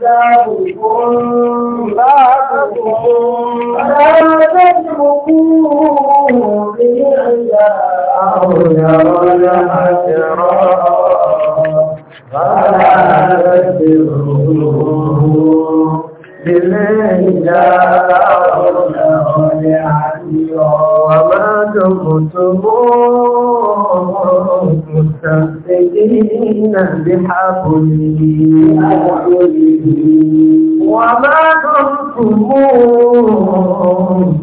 كتابكم بعضكم فلا تتركوه أو يرى حسرا فلا تتركوه وما تكتمون مستمسكين بحبله وما كنتم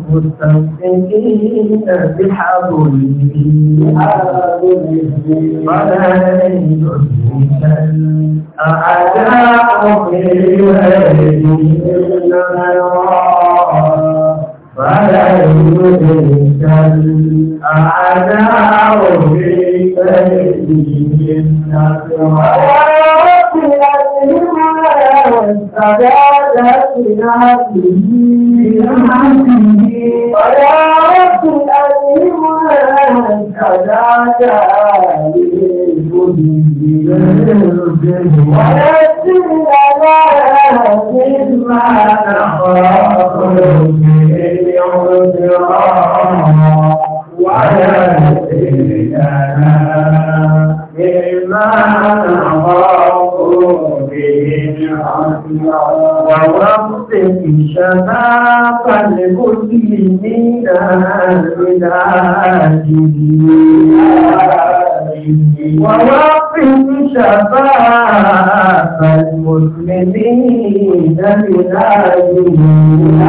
مستمسكين بحبله فلا يدركن أعداء بالوالدين يرى فلا يدركن أعداء في بيتهم ويا رب الأيمان سداد للمدين ونسل لنا مما نخاف من عذران وعلى سيدنا مما نغاض به ووفق شباب المسلمين من أجله ووقف شباب المسلمين بلادهم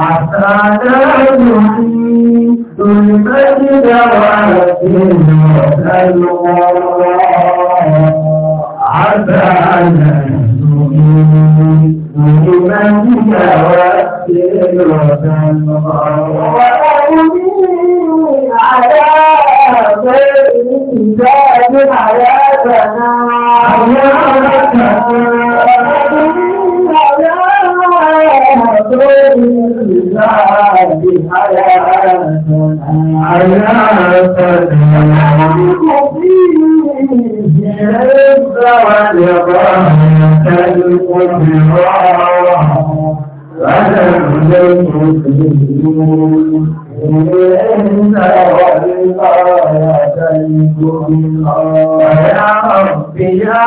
عسى يحيي المجد وعزم الله عسى لا وأمين على زاد حياتنا حياتنا Thank you. يا رحمن نرجوك رحمتك يا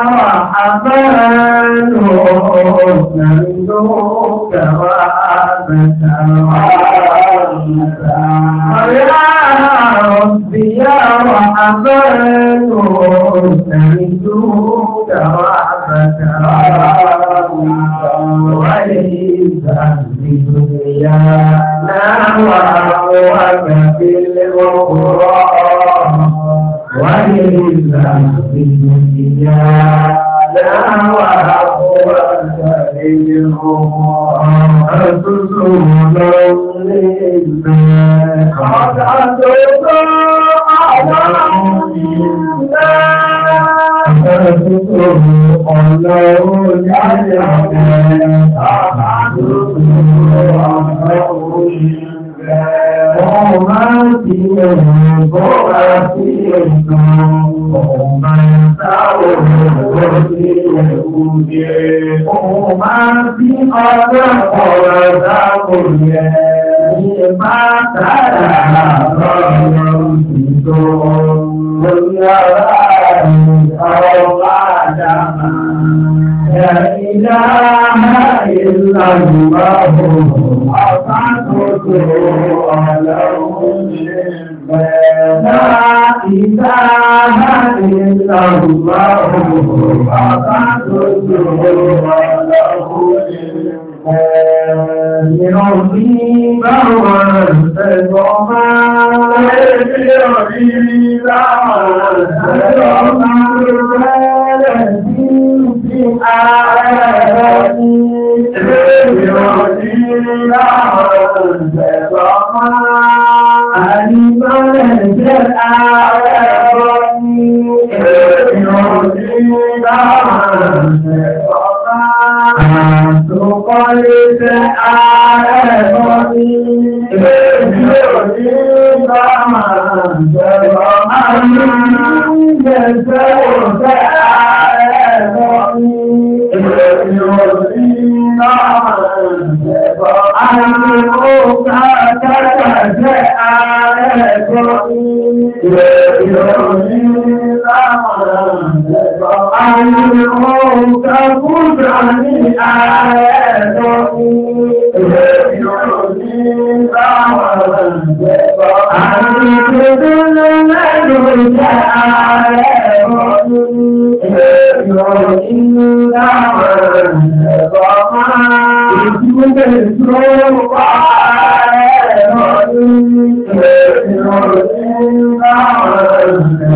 ربي يا رحمن نرجوك كرامة وليس الدنيا نهوك في الأخرى وليس الدنيا نهوك في الأخرى رسول لله قد أتوقع على Ọlọ́run ọlọ́run láyé ọ̀rẹ́ àbádọ́rùn-ún ọlọ́run rẹ̀. Wọ́n máa ti ẹ̀rùn bọ́ra sí ẹ̀sùn, òun máa sáwọ̀ ẹ̀rọ sí ẹ̀kú jẹ́. Òun máa ti ọjọ́ ọ̀rọ̀ sáwọ̀ yẹ. Ìyẹ̀ máa sára àbọ̀ ọ̀rọ̀ ìjọ. Olúwa أو آدم لا إله إلا الله أصعدته ولهم لا إله إلا الله أصعدته ولهم ربي بهوى الفضحى ربي بهوى الفضحى في آياتي ربي بهوى الفضحى أليم الجلال ربي بهوى الفضحى Lọ́kọ́lẹ́sẹ̀ ààrẹ mọ́ ní ilé ìlú òní bá máa jẹ̀rọ máa ní ìjẹ̀sẹ̀ òṣẹ́ ààrẹ mọ́ ní ilé ìlú bá máa jẹ̀rọ máa ní òkà kẹ́kẹ̀ẹ́ ààrẹ ilé ìlú أنهم تكون عن آيات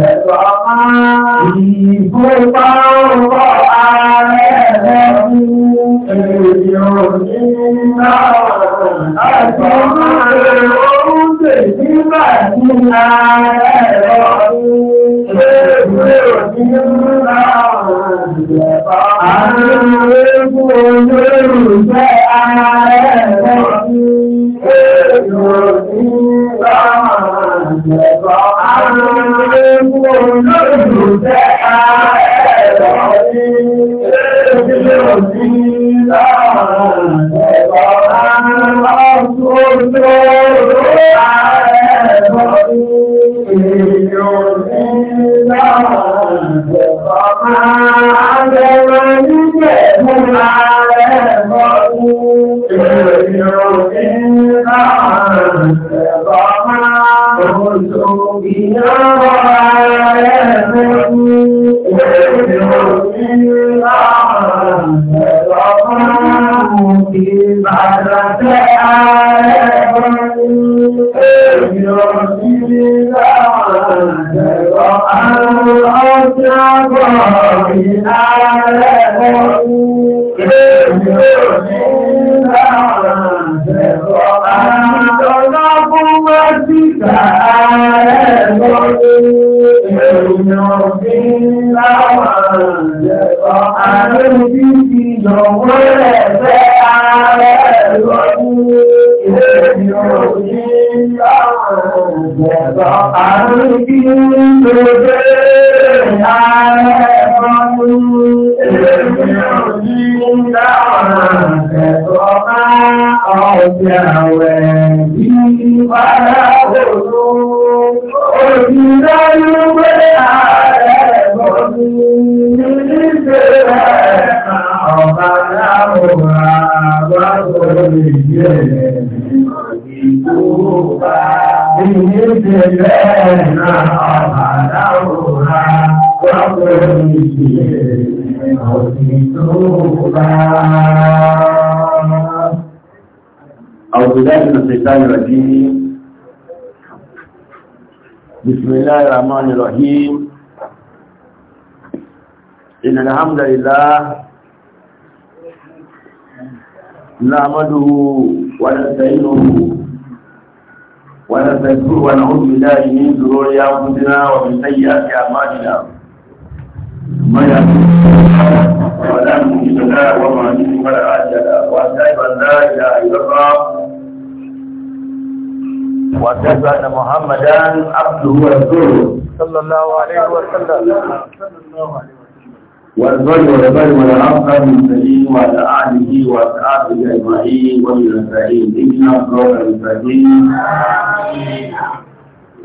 Thank you ìfúnpá ọ̀pọ̀ ààrẹ ẹ̀rẹ́kú èèyàn nígbà àjọ oúnjẹ nígbà tí ààrẹ ẹ̀rọ èèyàn nígbà àrùn ewu olóòrùn jẹ́ ààrẹ ẹ̀rọ èèyàn nígbà àjọ àrùn ewu olóòrùn jẹ́ ààrẹ ọ̀rí ìdílé òní láàrín ẹ̀rọ àárọ̀ tó ló ààrẹ ọ̀rí ìdílé òní láàrín ẹ̀rọ àárẹ̀ بسم الله الرحمن الرحيم إن الحمد لله نعمده ونستعينه ونستغفره ونعوذ بالله من شرور أنفسنا ومن سيئات أعمالنا ما يهده فلا مضل له وما يضلل فلا هادي له وأشهد أن لا إله إلا الله وأشهد أن محمدا عبده ورسوله صلى الله عليه وسلم والبر والبر من سليم وعلى آله وأصحابه أجمعين ومن السعيد إنا صراط المستقيم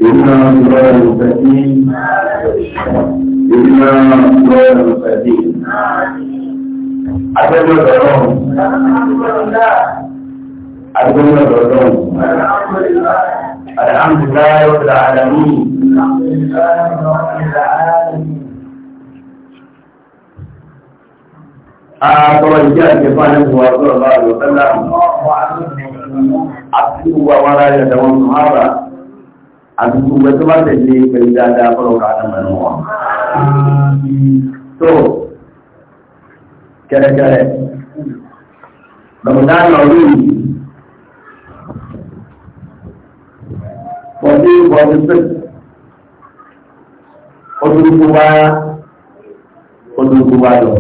إنا صراط المستقيم إنا صراط المستقيم أشهد أن لا إله إلا الله أدونا الظلم الحمد لله رب العالمين Àtọ̀rọ̀ ìjẹ́ àjẹ́fà ní ìwà ọ̀rọ̀ láàrin ọ̀tẹ́lá àti ìwà wọn láàrin ẹ̀dẹ̀wọ̀n Mùhárà àti gbogbo tó bá tẹ̀lé pẹ̀lú dáadáa fọ́rọ̀ kàánàmà wọn. Tó kẹ́rẹ́kẹ́rẹ́, Ramadan lọ rí wọ̀dí wọ̀dí pé olùkú wa olùkú wa lọ.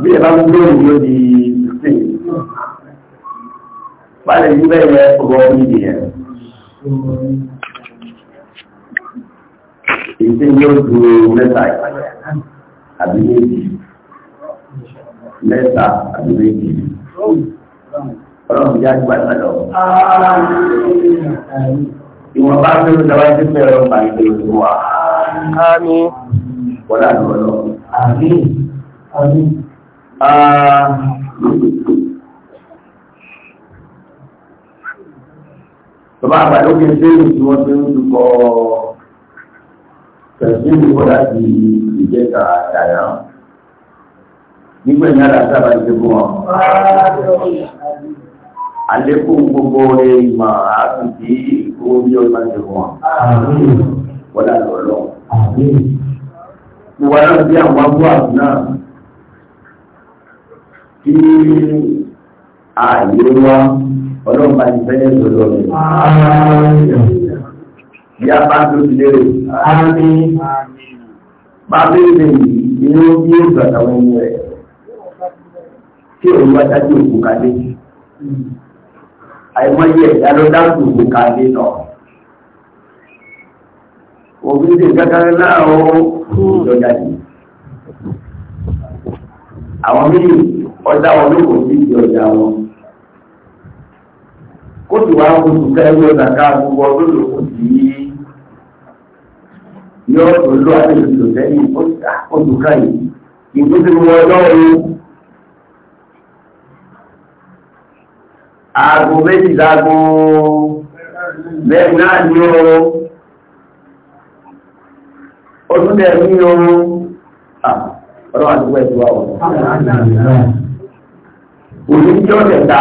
Bí ẹ bá ń gbé òun yóò di sixteen. Báyìí ní bẹ́ẹ̀ yẹ ọgbọ́n fún ìdí yẹn. Ìṣe yóò ju mẹ́ta àbí méjì. Mẹ́ta àbí méjì ọlọ́run yá gbà náà lọ. ìwọ̀n bá fẹ́ ló dáwà sí fẹ́rẹ̀ ọmọ ìgbé ìlú wa. àmín. wọ́lá ló lọ. àmín. àmín. bàbá àgbàdo kí n sẹ́yìn tí wọ́n ti ń dúkọ́ tẹ̀síwò wọ́n láti ìjẹta àdáyà. nígbà yẹn àdá sábà ṣe fún wọn àlékún gbogbo rẹ̀ ìmọ̀ àtúntí owó bí ọba ti wọ̀n wọ́dà lọ́lọ́. Mo wá lọ sí àwọn abúlé náà tí ààyè wa ọlọ́run bá ti fẹ́lẹ́ lọ́dọ̀ rẹ̀. Ìyá bá tó ti lérè. Bàbá ni, inú bí ó gbàtàwọn ẹni rẹ̀. Kí òun wá dájú òkú kalẹ̀ àìmọye ẹ̀dá ló dákùn ìwò kàdé lọ. Òbí ti kankan náà ó ìjọba yìí. Àwọn míì ọjà wọn ló kò sí ìdí ọjà wọn. Kó sì wá oṣù kẹ́rin ọjà ká gbogbo ọdún ló kù sí yóò tó lọ àti ìlú sẹ́yìn oṣù kan yìí. Ìgbésẹ̀ wọn lọ́wọ́ aago méjìlágo mẹ́rin ní oòrùn ọdúnlẹ̀ ní oòrùn ọ̀rọ̀ àdúgbò ẹ̀tùwà ọ̀rọ̀ òní jọ́ tẹ̀ta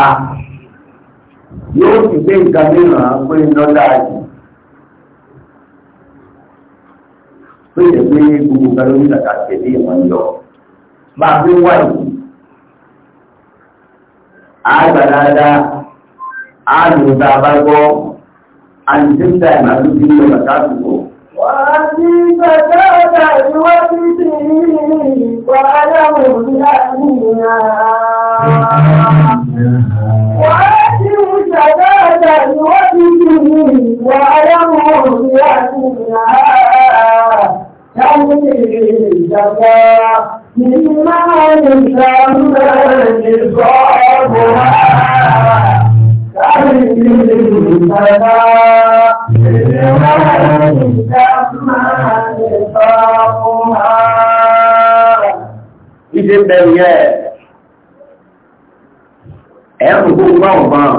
yóò ti gbé ìka mìíràn pé lọ́dá àjì pé ìdẹ̀gbé gbogbo kalórí kàkà tẹ̀lé ìwọ̀n lọ bá a fi ààrùn tá a bá gbọ́ àdìsíńtà ìmàlúbí lọ bàtà àdúgbò. Wàá sí bàtà ọ̀dà ìwọ́sí sí wàhálà òní àdúgbò Wàá sí bàtà sí wàhálà òní àdúgbò Yàrá ní máa ń gbàgbọ́ ìgbọ́ ọ̀gbọ̀n. Ìṣe ń bẹ̀rù yẹ ẹ̀rùn kó gbọ́n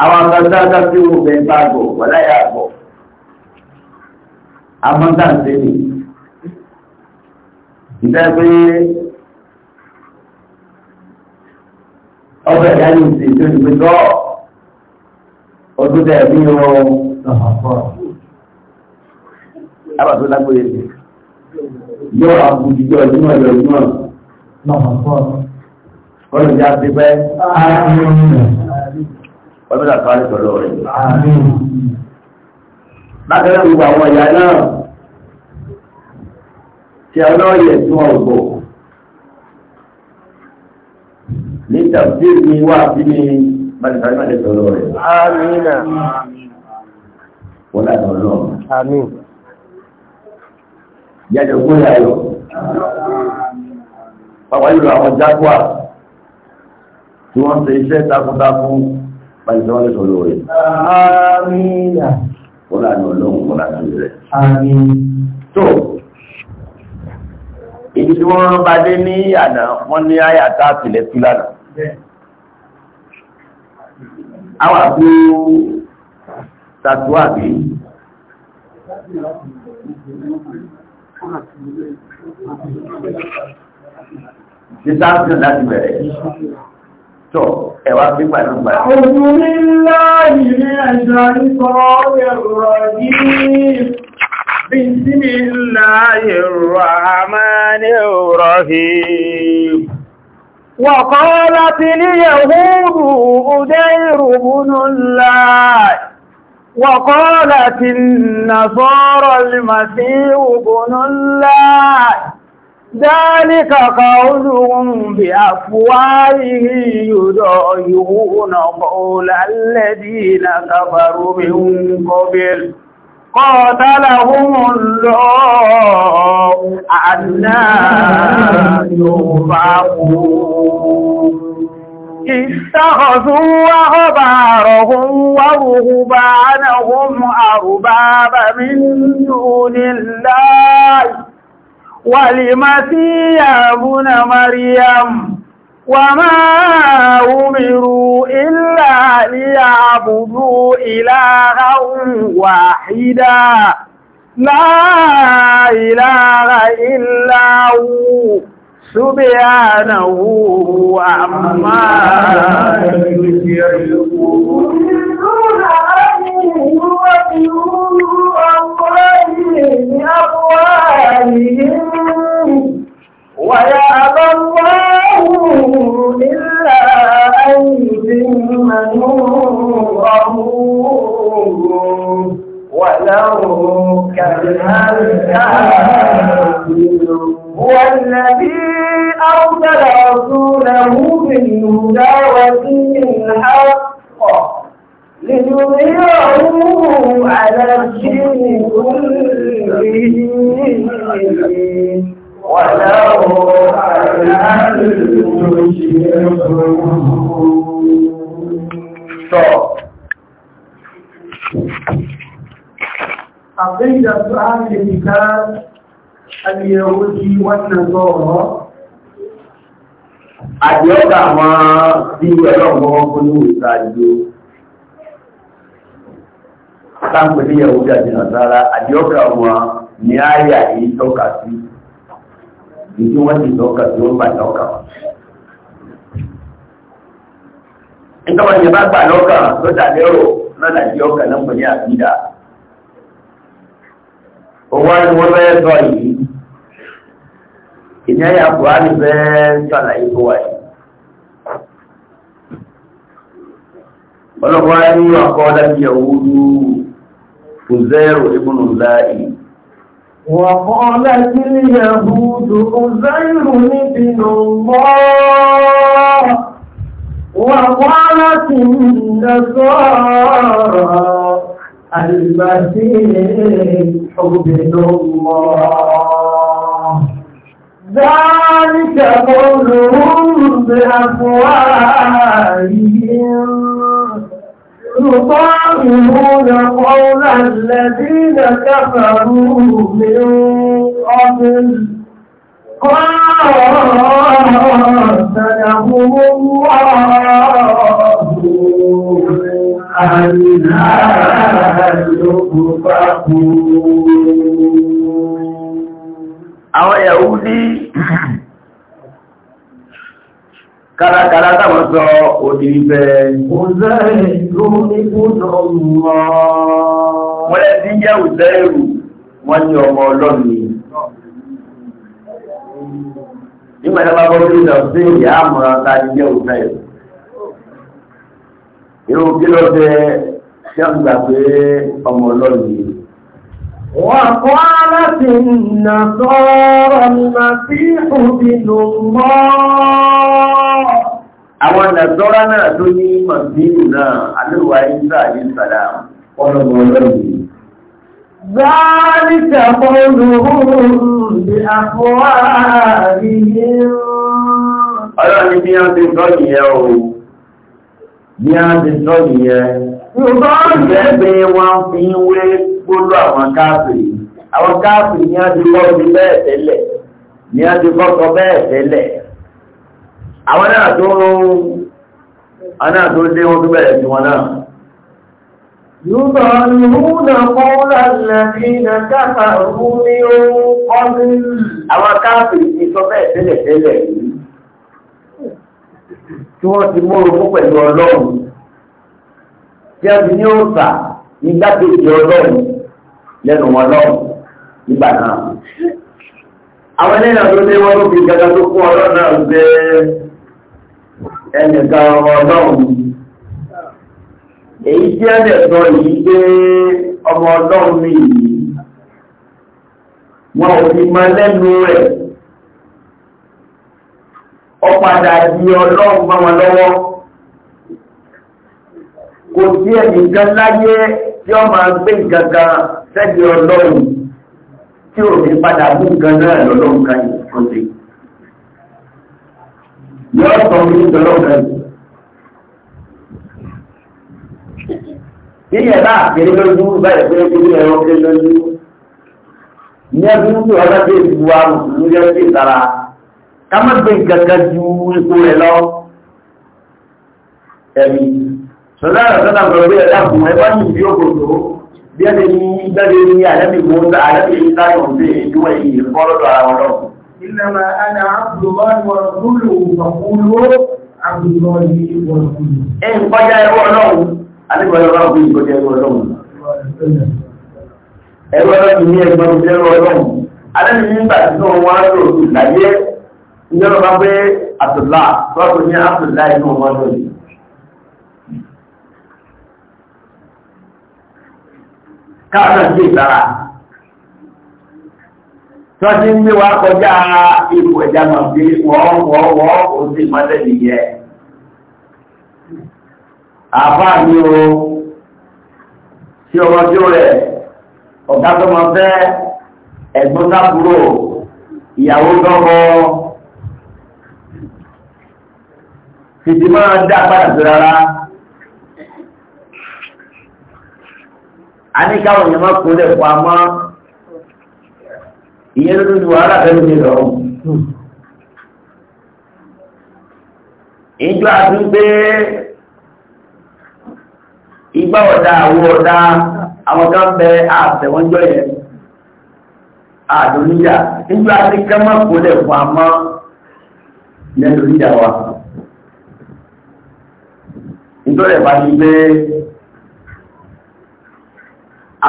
Àwọn akẹ́kọ̀ọ́ tí ó bẹ̀ bá bọ̀ wọ́n láyà bọ̀. Amọ́ta ìfẹ́ pé ọbẹ̀ ìyáni ìsìn tó ti gbẹ́tọ́ ọdún tẹ̀ bí o àbàtó lágbóyè sí yọ àbùjọ ìdúnà ìlọ ìdúnà ọdún ìyá ti pẹ́ ọdún àtàrí pẹ̀lú rẹ̀. Bákan náà gbogbo àwọn ìyá náà tí ọlọ́yẹ̀ tún ọ̀gbọ̀ ní tàbí ní wà bí ní bàtàrí máa lẹ́tọ̀ lọ rẹ̀. Amina. Wọ́n láti ọlọ́. Amin. Yàjọ kó yàyọ̀. Pàpà yìí lọ àwọn jágbà tí wọ́n ṣe iṣẹ́ takuntakun bàtàrí máa lẹ́tọ̀ lọ rẹ̀. Amina. Wọ́n wọ́n láti rẹ̀. Amin. So, ibi tí wọ́n bá dé ní àná wọ́n ní àyà tá àtìlẹ̀ tú lánàá. Àwọn àbú tàtúwà bí. Títà ń sìn láti bẹ̀rẹ̀. Tọ́ ẹ̀wà bí pàdánù Òṣùn ní láàyè ẹ̀ṣà ń sọ ọ́rẹ̀ بسم الله الرحمن الرحيم وقالت اليهود أدير بن الله وقالت النصارى المسيح بن الله ذلك قولهم بأفواه يضاهئون قول الذين كفروا من قبل قاتلهم الله أنا يوفقون اتخذوا أخبارهم ورهبانهم أربابا من دون الله ولمسيح ابن مريم وما أمروا إلا ليعبدوا إلها واحدا لا إله إلا هو سبحانه عما يشركون وقلوا أموالهم أقوالهم ويأبى الله إلا أن يتم نوره ولو كره هو الذي أرسل رسوله بالهدى ودين الحق ليظهره على الدين كله عقيدة أهل الكتاب اليهودي والنصارى àjọ́dà wọn bí ẹlọ́gbọ́n wọn kó ní ìsáájú sáàpù ní ẹ̀wọ́dà jìnà sára àjọ́dà wọn ni a yà yìí tọ́ka sí ìdí wọ́n ti lọ́kà tí wọ́n bá lọ́kà. Nítorí wọ́n yẹ bá gbà lọ́kà tó dàbẹ́rò lọ́nà tí ọkà náà pẹ̀lú àbídà. Owó ni wọ́n fẹ́ sọ yìí. Ìní ayé Àkùránì fẹ́ ṣàlàyé tó wà yìí. Ọlọ́pàá ní ọkọ̀ ọ̀dà ti yẹ̀ wúdú Fùzẹ́rù Ibùnú Láì. وقالت اليهود عزير ابن الله وقالت النصارى المسيح ابن الله ذلك قولهم بأفواههم يطاعون قول الذين كفروا من قبل قاتلهم الله أنا يؤفكون أو يهودي Kàràkàrà táwọn sọ òdì ibẹ̀. Òzẹ́ ìlú ní Bùdó mọ́. Wọ́n ni. Nígbà tí a bá gbọ́ bí lọ sí ìyá àmọ́ra ta ni jẹ́ òzẹ́ ìrù. Irú kí ló fẹ́ ṣé ń gbà pé ọmọ ọlọ́run ni? وقالت النصارى المسيح ابن الله àwọn nàzọ́rá náà tó ní màbínú náà alúwà ìsá àyíṣàlá ọlọ́gbọ̀n ọlọ́gbọ̀n ذلك قولهم بأفواههم ọlọ́ni bí a ti sọ nìyẹn o bí Ìgbẹ́gbẹ́ wọn fi ń wé gbóló àwọn káàkiri. Àwọn káàkiri ni a ti kọ́ bí bẹ́ẹ̀ tẹ́lẹ̀. Ni a ti kọ́kọ́ bẹ́ẹ̀ tẹ́lẹ̀. Àwọn náà tó aná tó dé wọn tó bẹ̀rẹ̀ sí wọn náà. Yúbọ̀lúhúnà kọ́lá lẹ́bínà káfà rú ní ohun kọ́lú. Àwọn káàkiri ti sọ bẹ́ẹ̀ tẹ́lẹ̀ tẹ́lẹ̀ yìí. Tí wọ́n ti mú orogún pẹ̀lú Ọlọ́run. tí a fi ní òòsà nígbàkejì ọlọ́run lẹ́nu wọn lọ́run nígbà náà. àwọn ẹlẹ́yìn ló fi gẹ́gẹ́ tó kún ọlọ́run náà gbé ẹnìkan ọlọ́run. èyí tí ẹ lè sọ yìí ọmọ ọlọ́run mi yìí wọn ò fi lẹ́nu kò sí ẹnìkan láyé tí ó máa gbé ìgangan sẹ́dí ọlọ́run tí ò ní padà mú nǹkan náà lọ́lọ́run kan yìí kò sí. yóò sọ fún mi kan yìí. Ìyẹn náà kéré lójú báyìí pé kí ilé ẹ̀rọ kéré lójú. Ní ẹbí ń tó ọlọ́dẹ ìlú wa mùsùlùmí yẹn sí ìtara. Ká má gbé ìgangan ju ipò rẹ̀ lọ. Ẹ̀mí sọlára sọ́nà sọ̀rọ̀ bí ẹ̀dá fún ẹgbẹ́ ní ìbí òkòtò bí ẹ̀dẹ̀ ní ìgbẹ́dẹ̀ ní àdẹ́bì gbóńdà àdẹ́bì ìtayọ̀ ń bè ìdúwẹ̀ yìí fọ́lọ́dọ̀ ara wọn lọ́wọ́. ìlànà àdá àbùdùmọ́ ìwọ̀n rúlù ìwọ̀kúlù àbùdùmọ́ ìwọ̀n rúlù. ẹgbẹ́ ọdún ẹwọ́ káàkiri sí ìtara tó ti ń gbé wa kọjá ipò ẹ̀já mọ̀ pé wọ́n wọ́n wọ́n ó sì mọ́lẹ̀ nìyẹn àbá mi o tí ọmọ tí ó rẹ̀ ọ̀gá tó mọ fẹ́ ẹ̀gbọ́n sábúrò ìyàwó lọ́wọ́ fìdí máa dá padà sí rárá. a ní káwọn èèyàn máa kúnlẹ̀ fún amọ́ ìyẹn ló ti wàhálà fẹ́ lóde lọ́wọ́ ìjọ àti pé igbá ọ̀dá àwọ̀ ọ̀dá àwọn kan bẹ àtẹ̀wọ́njọ́ yẹn àdóníjà nígbà àti kẹ́mọ́ kúnlẹ̀ fún amọ́ ìyẹn lóníjà wa nítorí ẹ̀ bá ti gbé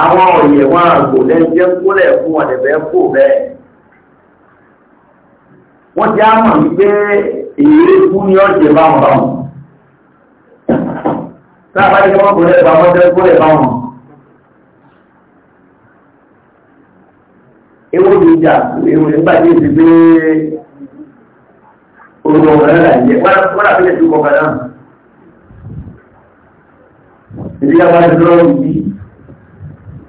àwọn òye wọn àgbò lẹ́jẹ́ kúlẹ̀ fún ọ̀dẹ̀bẹ̀ kò bẹ́ẹ̀. wọ́n ti á mọ̀ wípé èyí kú ní ọ̀jẹ̀ báwọn báwọn. sábà ní wọ́n kúlẹ̀ bá wọ́n jẹ́ kúlẹ̀ báwọn. ewu ni ìjà ewu nígbà tí èsì pé olùkọ́ ọ̀rẹ́ rà yẹ wọ́n rà fílẹ̀ tó kọ̀ọ̀kan náà. ìdíyàwó ẹ̀dọ́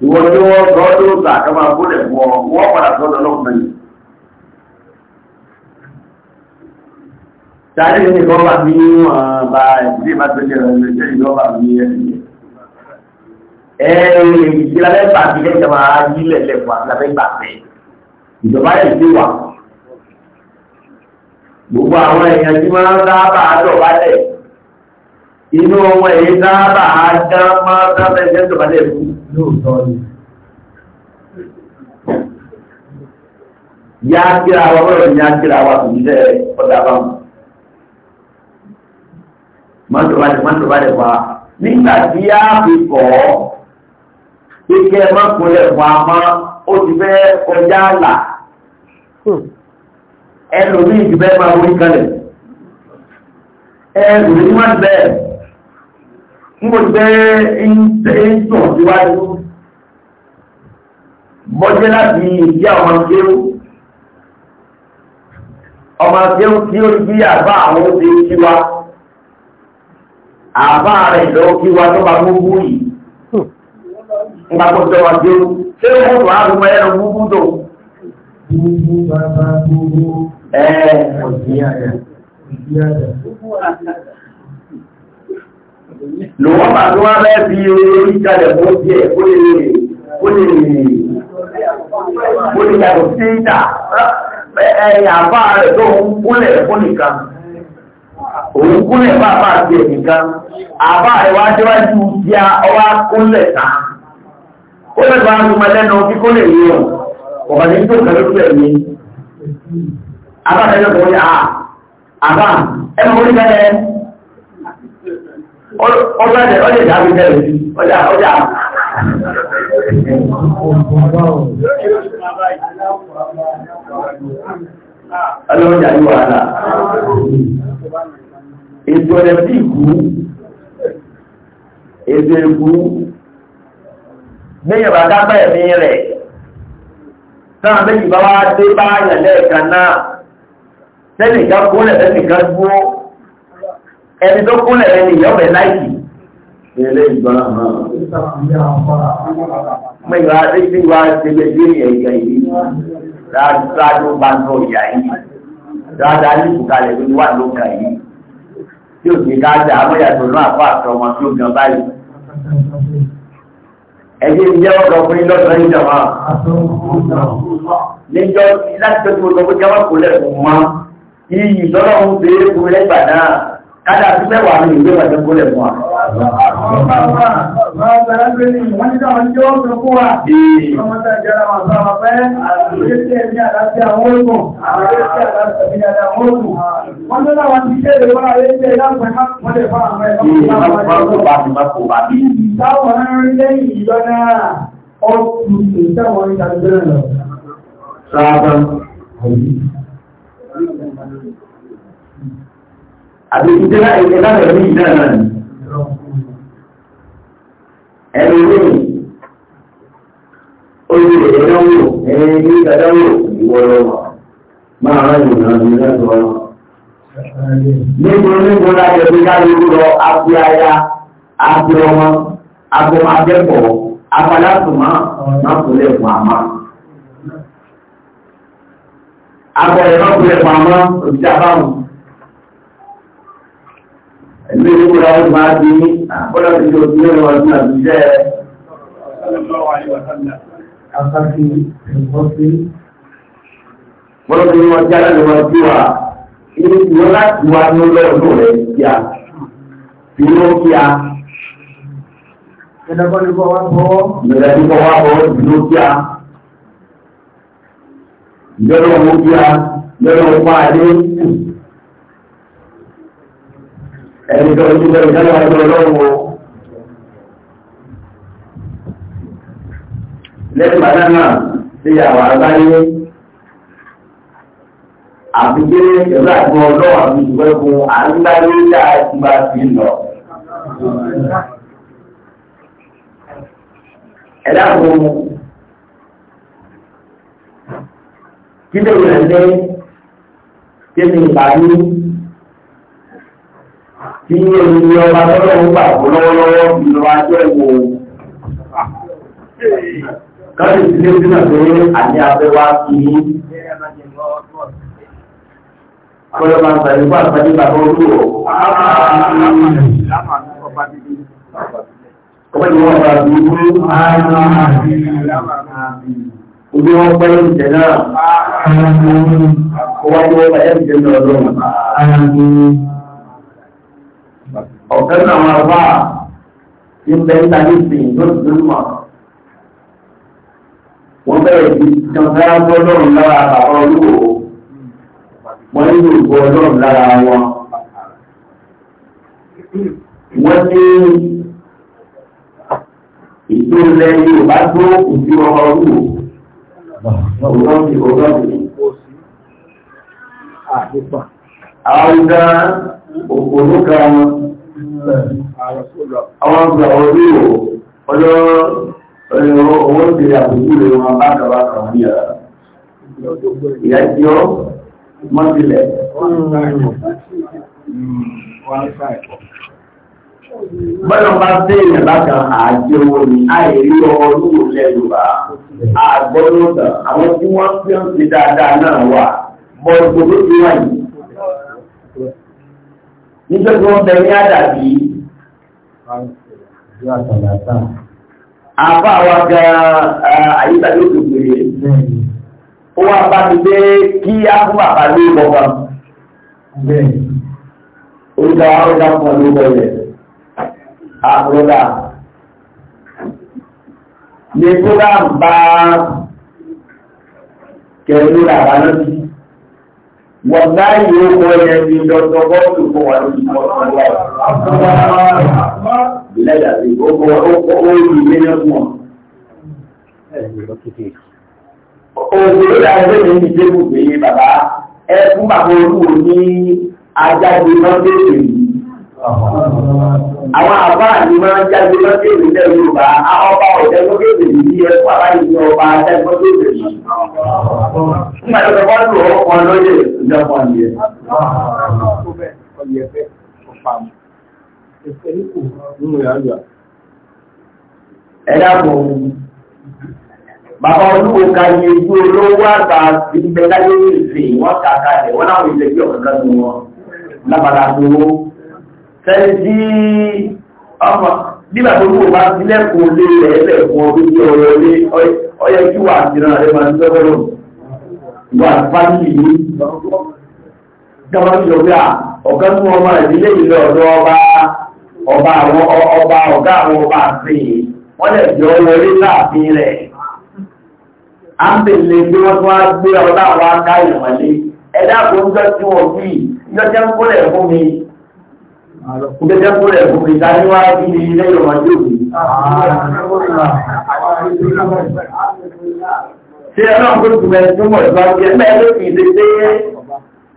ìwọ ni wọ́n sọ ọ́ tó gbà ká máa bólẹ̀ wọ wọ́n padà sọ́dọ̀ lọ́kùnrin yìí. Tàbí ní ìjọba ní ọba ìdílé bá tó jẹ́ ọ̀rọ̀ ìjọba ìjọba ní ẹ̀sìn yẹn. Ẹ̀ẹ́n ìdílé abẹ́ gbà bí lẹ́yìn ìjọba yílẹ̀ lẹ́kọ̀ọ́ àti abẹ́ gbà pẹ́. Ìjọba yìí ti wà. Gbogbo àwọn èèyàn tí wọ́n ń dábàá dọ̀bálẹ̀ inú ọmọ èyí dábà ajá máa dábà ẹgbẹ́ tó bá lè kú lóòtọ́ ni. Yá kíra wa bọ́rọ̀ ní yá kíra wa kò ní sẹ́ ọ̀dà bá mu. Mọ́tò bá lè mọ́tò bá lè wá. Nígbà tí yá fi kọ̀ ọ́, kíkẹ́ mọ́kúnlẹ̀ wà mọ́, ó ti fẹ́ kọjá là. Hmm. Ẹlòmíì ti máa wí kalẹ̀. Ẹlòmíì máa bẹ̀rẹ̀ mo jẹ́ ẹ̀ńtọ̀ síwájú bọ́jẹ́ láti ìdí àwọn akéwú ọmọ akéwú tí ó bí àbá àwọn oṣù kíwá àbá rẹ̀ lọ́wọ́ kíwá tó bá gbogbo yìí nígbà tó jọ wá akéwú ṣé ó mú wàá ẹ̀rọ gbogbo tó. Ẹ̀ẹ́ lòwọ́n bá tó wá bẹ́ẹ̀ fi orí kalẹ̀ bó jẹ́ ó lè ó lè ó lè yàtọ̀ sí ìta ẹ̀yà bá rẹ̀ tó ń kúlẹ̀ fún nìkan òun kúlẹ̀ bá bá ti nìkan àbá ìwájúwájú ti a ọwá kúlẹ̀ ta ó lè bá rú mẹ́lẹ́nu kí kó lè yí ọ̀ ọ̀bàdé tó kẹ́lẹ́ tó ẹ̀mí àbá ẹ̀lẹ́kọ̀ọ́ yà àbá ẹ̀mọ́ orí kẹ́lẹ́ ọjọ́ ẹ̀dẹ̀ ọjọ́ ìjà mi bẹ̀rẹ̀ sí ọjà ọjà. Ọlọ́jà yóò wà náà. Ètò ẹ̀rẹ̀ sí ìkú, ètò ìkú, gbéyàn bá dábà ẹ̀mí rẹ̀, táà méjì bá wá dé bá yàn lẹ́ẹ̀kan náà, tẹ́nìkan kó lẹ̀ tẹ́nìkan dúró ẹni tó kúnlẹ̀ ẹni ìyọ́bẹ̀ láìkì ilé ìgbọ́nà náà mẹ́gbà àdéjì wa ṣẹlẹ̀ bí ẹ̀yà yìí rájọ́ bá ń lọ ìyá yìí rájọ́ alìkù kalẹ̀ ló wà lóka yìí tí ò sí káàdà amóyàtọ̀ náà àpá àtọ̀ wọn tí ó gan báyìí ẹ̀jẹ̀ ìjẹ́ ọ̀dọ̀ fún ilọ́dọ̀ ìjọba níjọ́ láti tó tó lọ́wọ́ jẹ́wọ́ kò lẹ́kùn mọ́ iyì lọ́lọ́run bèèrè fún náà Kájà tí mẹ́wàá ní ìwé ìwàjẹ́ kó lẹ̀ fún wa. Wọ́n tó láwọn ti ṣe ìwọ́n ayé ṣe láàpẹ́ máa kọ́lẹ̀ fún àwọn ẹ̀kọ́. Ìwọ́n tó bá ti bá kò bá bí. Táwọn arìnrìn lẹ́yìn ìjọ náà, ó tún ìtẹ́wọ̀n ìtàgbẹ́rẹ̀ lọ. Sáàbọ̀n àti ìdí láì ṣe láti ẹ̀mí ìdá náà ni. ẹnu ní ojú ìdájọ́ wò ẹni ní ìdájọ́ wò ìwọ lọ́wọ́ máa rán ìrìnà ní lẹ́tọ̀ọ́ lọ. níbo níbo láti aya afi ọmọ afi ọmọ akẹ́kọ̀ọ́ afalásùmá máa kò lè fún àmà. Akọ̀rẹ̀ náà ẹgbẹ́ ìwé ra ọdún máa bí àkọ́lá ti lọ sí ẹ̀rọ ọdún àbíjẹ́ afákí ẹ̀kọ́sí. wọ́n ti wọ́n já lẹ́nu wọn sí wa ilé ìwé láti wá ní ọlọ́ọ̀dún rẹ̀ sí a fi ló kí a. ìdàgbọ́n ní kọ́ wá bọ́. ìdàgbọ́n ní kọ́ wá bọ́ fi ló kí a. ìjọba wọn kí a lọ́dọ̀ wọn pa adé ẹni tó ti bẹ̀rẹ̀ jẹ́ àjọ ọlọ́wọ́ lẹ́gbàá náà sí àwọn àgbáyé àbíké ẹ̀rọ àgbọ̀ ọlọ́wọ́ àbí ìwẹ́gun àńgbáyé dáa ti bá ti lọ. ẹ̀dá kan kí lè rẹ̀ lé kí ni ìpàdé tí èyí ni ọba tọ́lọ̀ ń gbà kó lọ́wọ́lọ́wọ́ ìjọba jẹ́ ìwò káàdì sí lé sínà pé àní abẹ́wá kí ní akọ́lọ́ máa ń sàyè fún àtàdé bàbá olú ọ̀ ọba ni wọ́n bá bí wú ojú wọn pẹ́ ìjẹ náà ó wá ní wọ́n bá ẹ̀ ìjẹ náà lọ́wọ́ ọ̀kan náà máa bá ti ń bẹ níta ní ìsìn lóṣù tó mọ̀. wọ́n bẹ̀rẹ̀ sí jọ̀ǹkárá tó ọlọ́run lára bàbá olúwo wọ́n nílò ìbò ọlọ́run lára wọn. wọ́n ní ìtò ilẹ̀ Yorùbá tó kù sí ọmọ olúwo. Ọlọ́run ti ọlọ́run ti. Àwọn ọ̀gá òkòló kan wọn àwọn ọgbà orí ìwò ọjọ́ owó ti àbúkú rẹ̀ wọn bá kàbá kàwọn ní ara ìyá tí ó mọ́sílẹ̀ Bọ́lọ̀ bá bèèrè bákà àti owó ni àìrí ọlú lẹ́yìnbá, àgbọ́lọ́tà àwọn tí wọ́n fi ń fi dáadáa náà wà, bọ́ọ̀lù tó tó wáyìí nítorí wọn bẹ ní àdàbí. àfa àwa gan-an àyíká ló tó gbèrè ó wá bá mi dé kí á fún bàbá ní ìbọn kan. orúkọ àwọn ọjà fún ọdún bọ̀lẹ̀ àbúrọ̀dà ní kó dáa bá kẹrin ló rà bá náà wọ̀n láì yóò kọ́ ẹ̀yẹ ní ọjọ́ bọ́ọ̀lù fún wa ní ọ̀sán wa. Lẹ́yà sí gbogbo ó yí ilé fún ọ. Òṣè ìlà ẹgbẹ́ mi ti débù pé bàbá ẹ fún bàbá olúwo ní ajáde lọ́dẹ̀ẹ̀dẹ̀ yìí. àwọn àbáà ni máa jáde lọ́dún ìrìnlẹ̀ Yorùbá ọba ọ̀jẹ́ ló kéde ní ẹ̀kọ́ aláìsí ọba ẹ̀kọ́ tó lè mọ̀. nígbà ìjọba ni ẹ̀. bàbá olúwo ka iye ju olówó àgbà wọ́n kàkà wọ́n láwọn wọn lábàlá sẹ́ni tí ọmọ nígbà tó bá sílẹ̀kùn lè ẹ̀ẹ́lẹ̀ fún ọdún tí ọ̀rọ̀ lé ọyẹ kí wà síran rẹ̀ máa ń lọ́wọ́rọ̀ wà fáńtì yìí gbọ́n ọ̀gá mú ọmọ ìdílé ọ̀dọ́ ọba ọba àwọn ọba ọ̀gá a Ìgbẹ́jẹ́ fún rẹ̀ kò pèsè níwájú ní ilé ìrọ̀mọ́jú òbí. Ṣé ẹ̀rọ kó tù mẹ́ tó mọ̀ ìgbà jẹ́ mẹ́ ló fi lè dé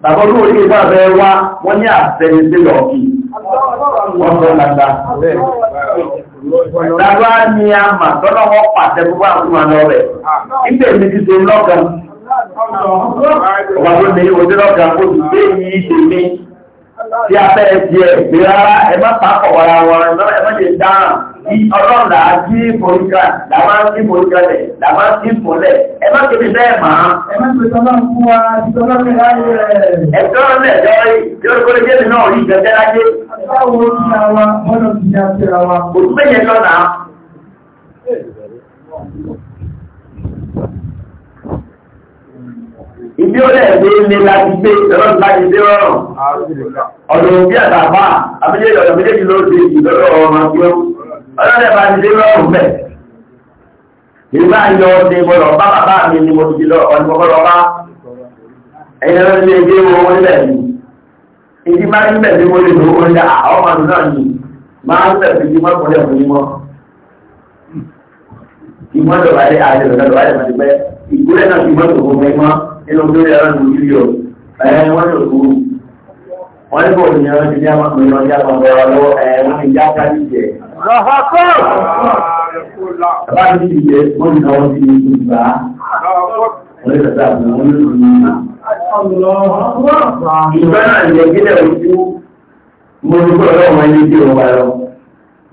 bàbá olúwo ní ìgbà rẹ̀ wá wọ́n ní àtẹnisí lọ́ọ̀kì. Wọ́n fẹ́ lágbá. Dàbá ni a mà tọ́lọ́ wọ́n pàtẹ gbogbo àwọn ọmọ náà rẹ̀. Ibẹ̀ mi ti so lọ́kàn. Ọba tó ní ojú lọ́kàn kó tù dé yìí ṣe mí tí a fẹ́ di ẹ̀gbé rárá ẹ má pàápọ̀ wara wọn ẹ má lè dáhùn bí ọlọ́run là á dí ìforíkà là má ń dí ìforíkà lẹ̀ là má ń dí ìfọ̀lẹ̀ ẹ má tóbi bẹ́ẹ̀ mọ́. ẹ má tóbi tọ́lá ń fún wa tọ́lá ń rà yẹ. ẹ̀tọ́ lẹ̀ lọ́rí yóò kó lè jẹ́mi náà rí ìgbẹ́jẹ́ láyé. báwo ni àwa mọ́nà ti Ibi ó lẹ̀ gbé ní láti gbé ìtọ́lọ́dún láti dé rọrùn. Ọ̀dọ̀ òbí àtàbà, abílẹ̀ ọ̀dọ̀ méjèèjì ló dé ìdọ́lọ́ ọmọ tí ó. Ọlọ́dẹ̀ bá ti dé rọrùn bẹ̀. Ìgbà yọ ọdẹ gbọ́dọ̀ bá bàbá mi ni mo ti lọ ọdún gbọ́dọ̀ bá. Ẹ̀yin ló ti gbé owó nílẹ̀ yìí. Ìdí máa ń bẹ̀ ní mo lè lówó ní àwọn ọmọ náà yìí. Máa ń bẹ̀ inú tó yára ní yíyọ ẹ̀yẹ wọ́n yóò kúrú wọ́n ní bọ̀dù yẹn ti ní àwọn ọmọ ìyá àwọn ọmọ ọ̀rọ̀ lọ́wọ́ ẹ̀yẹ wọ́n ní ìjà ká ní jẹ. bàbá mi ti jẹ wọ́n ní àwọn ti ní ìgbà wọ́n ní tàbí àwọn ọmọ ìlú ní ìgbà náà ní ẹgbẹ́ ojú mo ní kúrò tí ó wà lọ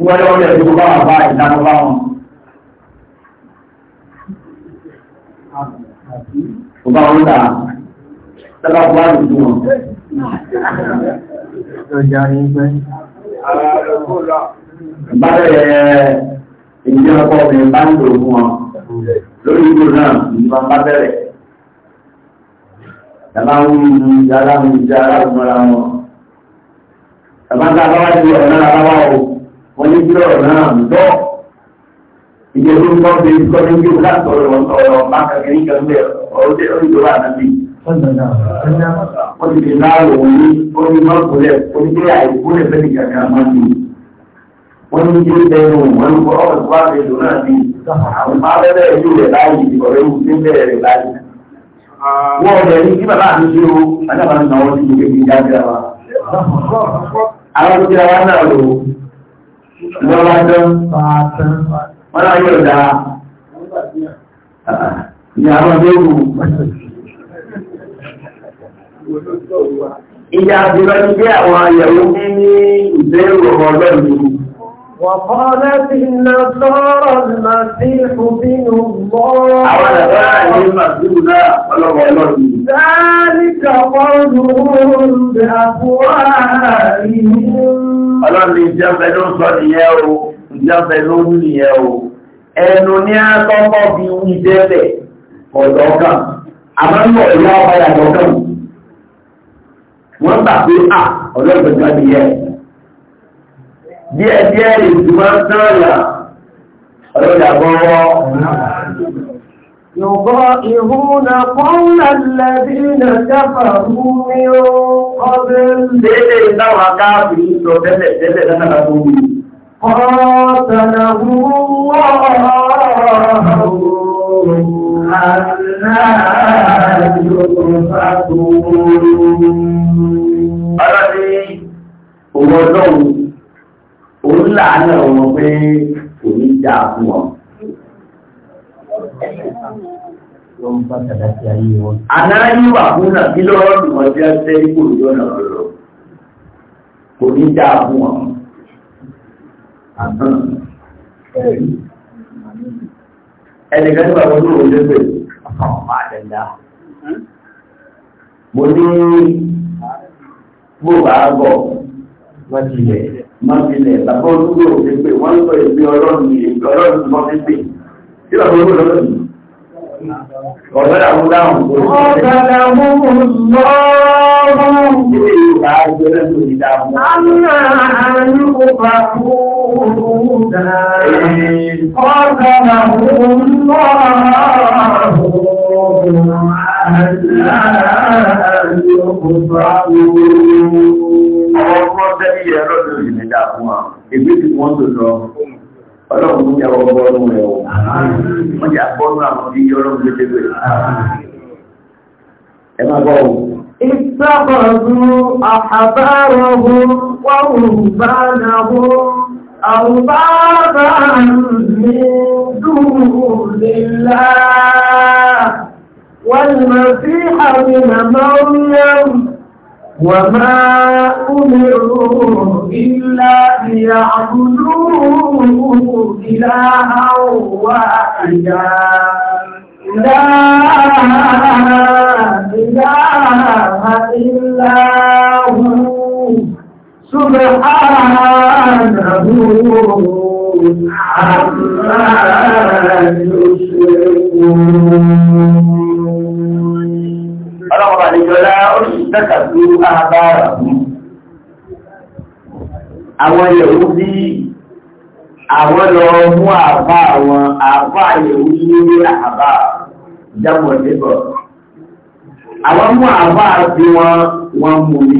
wọ́n lọ́wọ́ yẹ kó bá wà bá ìdáná kò bá wọn dà sábà wà lójú wọn. Ìjọba ní pẹ́. ọkọ̀ mi bá ń lò fún wọn. Lórí ìlú náà, ìjọba bá bẹ̀rẹ̀. Ìjọba ń ní ìjára mi ìjára ìmọ̀ra wọn. Ìjọba ń dábàá wá sí ọ̀nà àbáwá o. Wọ́n ní bí náà ń dọ́. Ìjọba ń bọ́ bí kọ́ni bí ó láti ọ̀rọ̀ ọ̀rọ̀ bá kàkiri kan bẹ̀rẹ̀ ọdún ìjọba ànábì. Wọ́n ti fi láàrọ̀ òní orí mọ́kúnlẹ̀ onígbé àìkúnlẹ̀ fẹ́ni kàkà máa ń wọ́n ní jẹ́ ẹnu wọn kọ́ ọ̀rọ̀ tó bá fẹ́ lò náà bí àwọn máa bẹ́rẹ̀ ìlú rẹ̀ láàyè ìkọ̀rẹ́ ìlú tó bẹ̀rẹ̀ rẹ̀ láàyè. Wọ́n ọ̀rẹ́ ní kí bàbá mi ṣe o, àjàmà ń náwó sí ìwé ìjà jẹ́ wa. Àwọn tó jẹ́ wa náà lò lọ́wọ́ dán. Wọ́n náà yóò dáa ìyàwó lóòrù ìyà àbúrò ní bí àwọn àyẹ̀wò ní ní ìbẹ̀rù ọlọ́run وقالت النصارى المسيح بن الله ذلك قولهم بأفواههم Ọlọ́run ni ìjọba ló ń sọ nìyẹn o, ìjọba ló ń nìyẹn o, ẹnu ní àtọ́kọ́ bí wí délẹ̀ ọ̀dọ̀ kan àmọ́ ń bọ̀ ìyá ọba yàtọ̀ kan wọ́n gbà pé à ọ̀dọ̀ ìgbẹ̀jọ́ ti yẹ díẹ̀ díẹ̀ ìtumọ̀ sáàyà ọ̀dọ̀ ìyàbọ̀ wọ́ يضائعون قول الذين كفروا من قبل ليه نوع كافي سو تلي تلي لنا قاتله الله Òun ọlọ́run, òun láàánà ọmọ pé kò ní já fún wọn. Wọ́n bá tàdá sí ayé wọn. Ànára yìí wà tí a tẹ́ ipò ìjọ náà Kò ní já fún wọn. Àtàn ẹnìkan nígbà wọn ní òun lébè àdẹ̀dá mo ní bó bá bọ̀ wọ́n ti lẹ̀ wọ́n ti lẹ̀ bàbá olúgbò òun lébè wọ́n ń sọ èmi ọlọ́run èmi ọlọ́run tí wọ́n ti pè tí wọ́n fi wọ́n lọ́dún Ọ̀gbọ́dà mú dáhùn. Ọ̀gbọ́dà mú lọ́rùn. Ilé ìgbà àjọ lẹ́nu ìdáhùn. Àmì àánú kò bá fún. هدى قسمه الله ألا يقصروا Ọlọ́run mú yàwó ọgbọ́rún rẹ̀ ọ̀. Wọ́n jẹ́ àgbọ́rún àwọn ìyí ọlọ́run lé léwé. Ẹ máa gbọ́ ohun. Ìtàbọ̀dún àbárọ̀hún wọ́n rùn bá náà أربابا من دون الله والمسيح من مريم وما أمروا إلا ليعبدوا إلها واحدا لا إله إلا هو سبحانه Ọlọ́pàá àdìjọlá oríṣìítẹ́kàtú àbára fún. Àwọn yẹ̀wú bí àwọn lọ mú àbá àwọn àbá yẹ̀wú ní àbá jámọ̀ lébọ̀. Àwọn mú àbá bí wọn wọ́n mú ní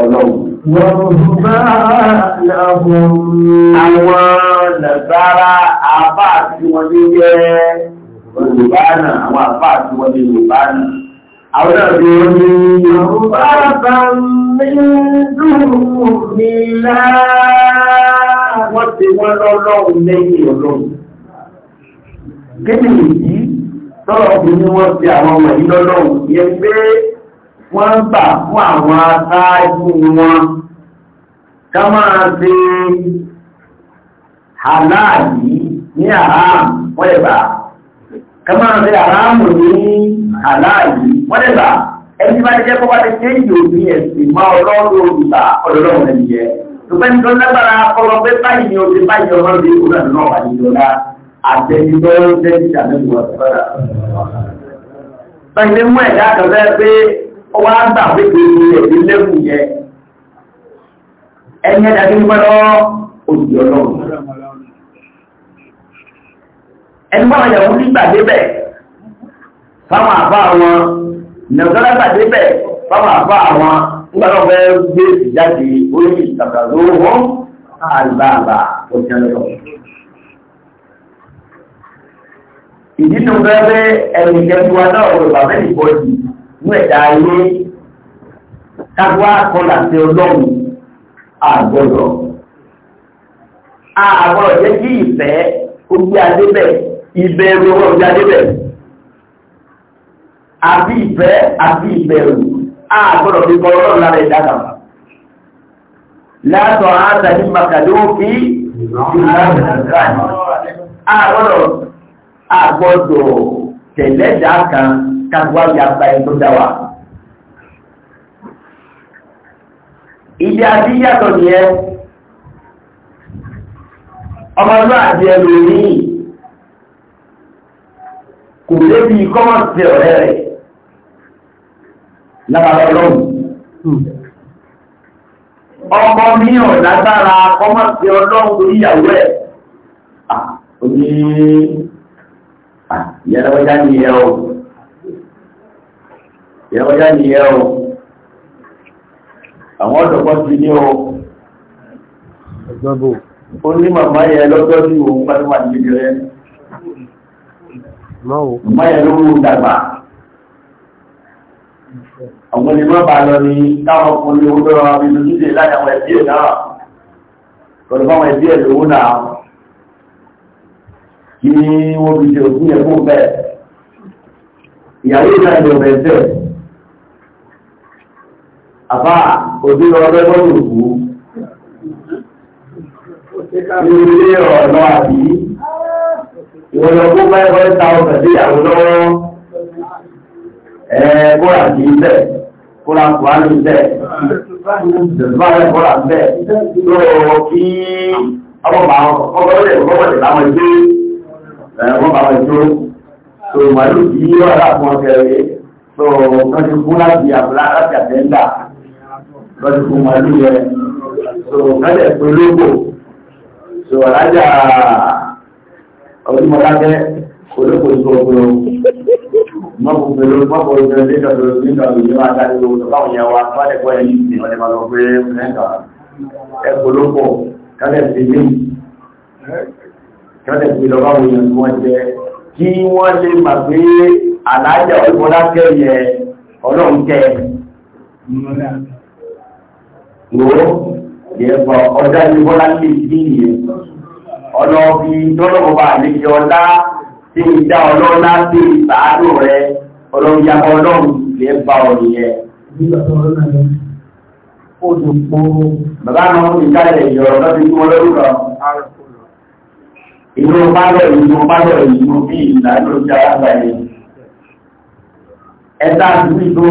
ọlọ́run. Àwọn nàzára àbá àti wọn ní jẹ́ Yorùbáàna, àwọn àbá àti wọn ní Yorùbáàna. Àwọn náà bí wọ́n ní Yorùbáàbá mi dùn mí láà. Wọ́n ti wọ́n lọ́lọ́run lẹ́yìn ọlọ́run. Kí ni ìdí tọ́lọ̀ fi ní wọ́n ti àwọn ọmọ yìí lọ́lọ́run yẹn pé wọ́n gbà fún àwọn aṣáájú wọn ká máa ṣe àláàyí ní àráàmù wọ́n lè bá ká máa ṣe àráàmù ní àláàyí wọ́n lè bá ẹni bá jẹ́ kó bá ti ṣe ìyò ní ẹ̀sìn máa ọlọ́rọ̀ olùgbà ọlọ́rọ̀ ẹni jẹ́ ṣùgbọ́n ní tó lágbára ọlọ́ pé báyìí ni o ti báyìí ọmọ rẹ̀ kó náà náà wà nínú ọ̀la àtẹnudọ́ jẹ́ ìṣàmẹ́wọ̀ ọ̀sẹ̀ báyìí mú ẹ̀dá kan fẹ́ pé ó wá gbà pé gbèrú rẹ̀ ní lẹ́kùn yẹ ẹni ẹ̀dá tó ń bá lọ́wọ́ òdì ọlọ́run ẹni bá wàjà wọn nígbà débẹ̀ fáwọn àbá wọn nàìjíríà gbà débẹ̀ fáwọn àbá wọn nígbà náà fẹ́ gbé ìjáde orí ìtàkà lówó àgbààgbà ọjà lọ́wọ́ ìdí tó fẹ́ fẹ́ ẹnìkẹ́tù wa náà rọ̀ bàbá ìbọn yìí ní ẹ̀dá ayé káwá kọlà sí ọlọ́run àgbọ̀dọ̀ àgbọ̀dọ̀ jẹ́ kí ìfẹ́ ogbé adébẹ̀ ìbẹ̀rù ọwọ́ ogbé adébẹ̀ àbí ìfẹ́ àbí ìbẹ̀rù àgbọ̀dọ̀ fi kọ ọlọ́run lára ẹ̀dá kan látọ̀ àtà ní màkàlófi àgbọ̀dọ̀ àgbọ̀dọ̀ tẹ̀lẹ́dà kan káwá yàgbá ẹ̀ tó dá wa. Ìdí àti yàtọ̀ nìyẹn, ọmọlúwà àti ẹ̀rù ní kò lébi kọ́mọ̀sì ọ̀rẹ́ rẹ̀ lára ọlọ́run. Ọkọ ní ọ̀dágbára kọ́mọ̀sì ọlọ́run torí ìyàwó ẹ̀. Ah, ó ní ah, ìyàlọ́wọ́já ní ìyàwó ìrọjá nìyẹn o àwọn ọ̀dọ̀pọ̀ ti ní o ó ní màmá yẹn lọ́jọ́ sí òun pátúmà nìyẹn màmá yẹn ló wù dàgbà àwọn ilé má bàa lọ ní táwọn ọkùnrin owó lọ́wọ́ àwọn ibi ojúṣe láti àwọn ẹbí ẹ̀ náà pẹ̀lú báwọn ẹbí ẹ̀ lówó náà kí wọ́n fi ṣe òkú yẹn bẹ́ẹ̀ ìyàwó ìdájọ́ bẹ́ẹ̀ bẹ́ẹ̀ àbá òbí ọdẹ lọ́rùn òkú ilé ọ̀nà àbí ìwọ̀nà kó bá ẹgbẹ́ ta ọ̀sẹ̀ sí àwọn lọ́wọ́ ẹ̀ẹ́ kóra sí ibẹ̀ kóra kó á ní ibẹ̀ ìjọba rẹ̀ kóra bẹ̀ lọ́wọ́ kí ọmọbà ọgọ́rẹ̀ ọgọ́rẹ̀ láwọn ìgbé ọmọbà wọn ìjó tó màlúù yí ọ̀rá fún ọ̀sẹ̀ rẹ̀ tó wọ́n ti kú láti àbúrá láti àtẹ́ńdà lọ́dí fún wọn ní so kálẹ̀ pé lóko so alájà ọdúnmọ́lájẹ́ olóko ìṣó ọgbọ̀n mọ́kù pẹ̀lú mọ́kù ìṣó ní ìṣàtò ní ìṣàtò ìṣó máa dájú lówó tó báwọn yẹn wa tó wà lẹ́kọ́ ẹ̀yìn ìsìn ọdẹ máa lọ pé ẹ̀ka ẹ̀kọ́ lóko kálẹ̀ sí ní kálẹ̀ sí lọ báwọn yẹn tí wọ́n jẹ kí lòó yẹ̀bọ̀ ọjọ́ ìbọ́lá lè sí ìyẹ ọ̀nà ọ̀fi tọ́lọ́bọ̀bà àlejò ọlá tí ìdá ọlọ́lá tí ìsàádò rẹ ọlọ́yàbọ̀ ọlọ́run lè bá ọ̀rọ̀ yẹ. Bàbá náà ti jáde ìyọ̀rọ̀ lọ́sí tí wọ́n lọ́rùn lọ. Ìlú pálọ̀ ìlú pálọ̀ ìlú bí ìlànà ìjà àgbáyé. Ẹ̀ta àti ìlú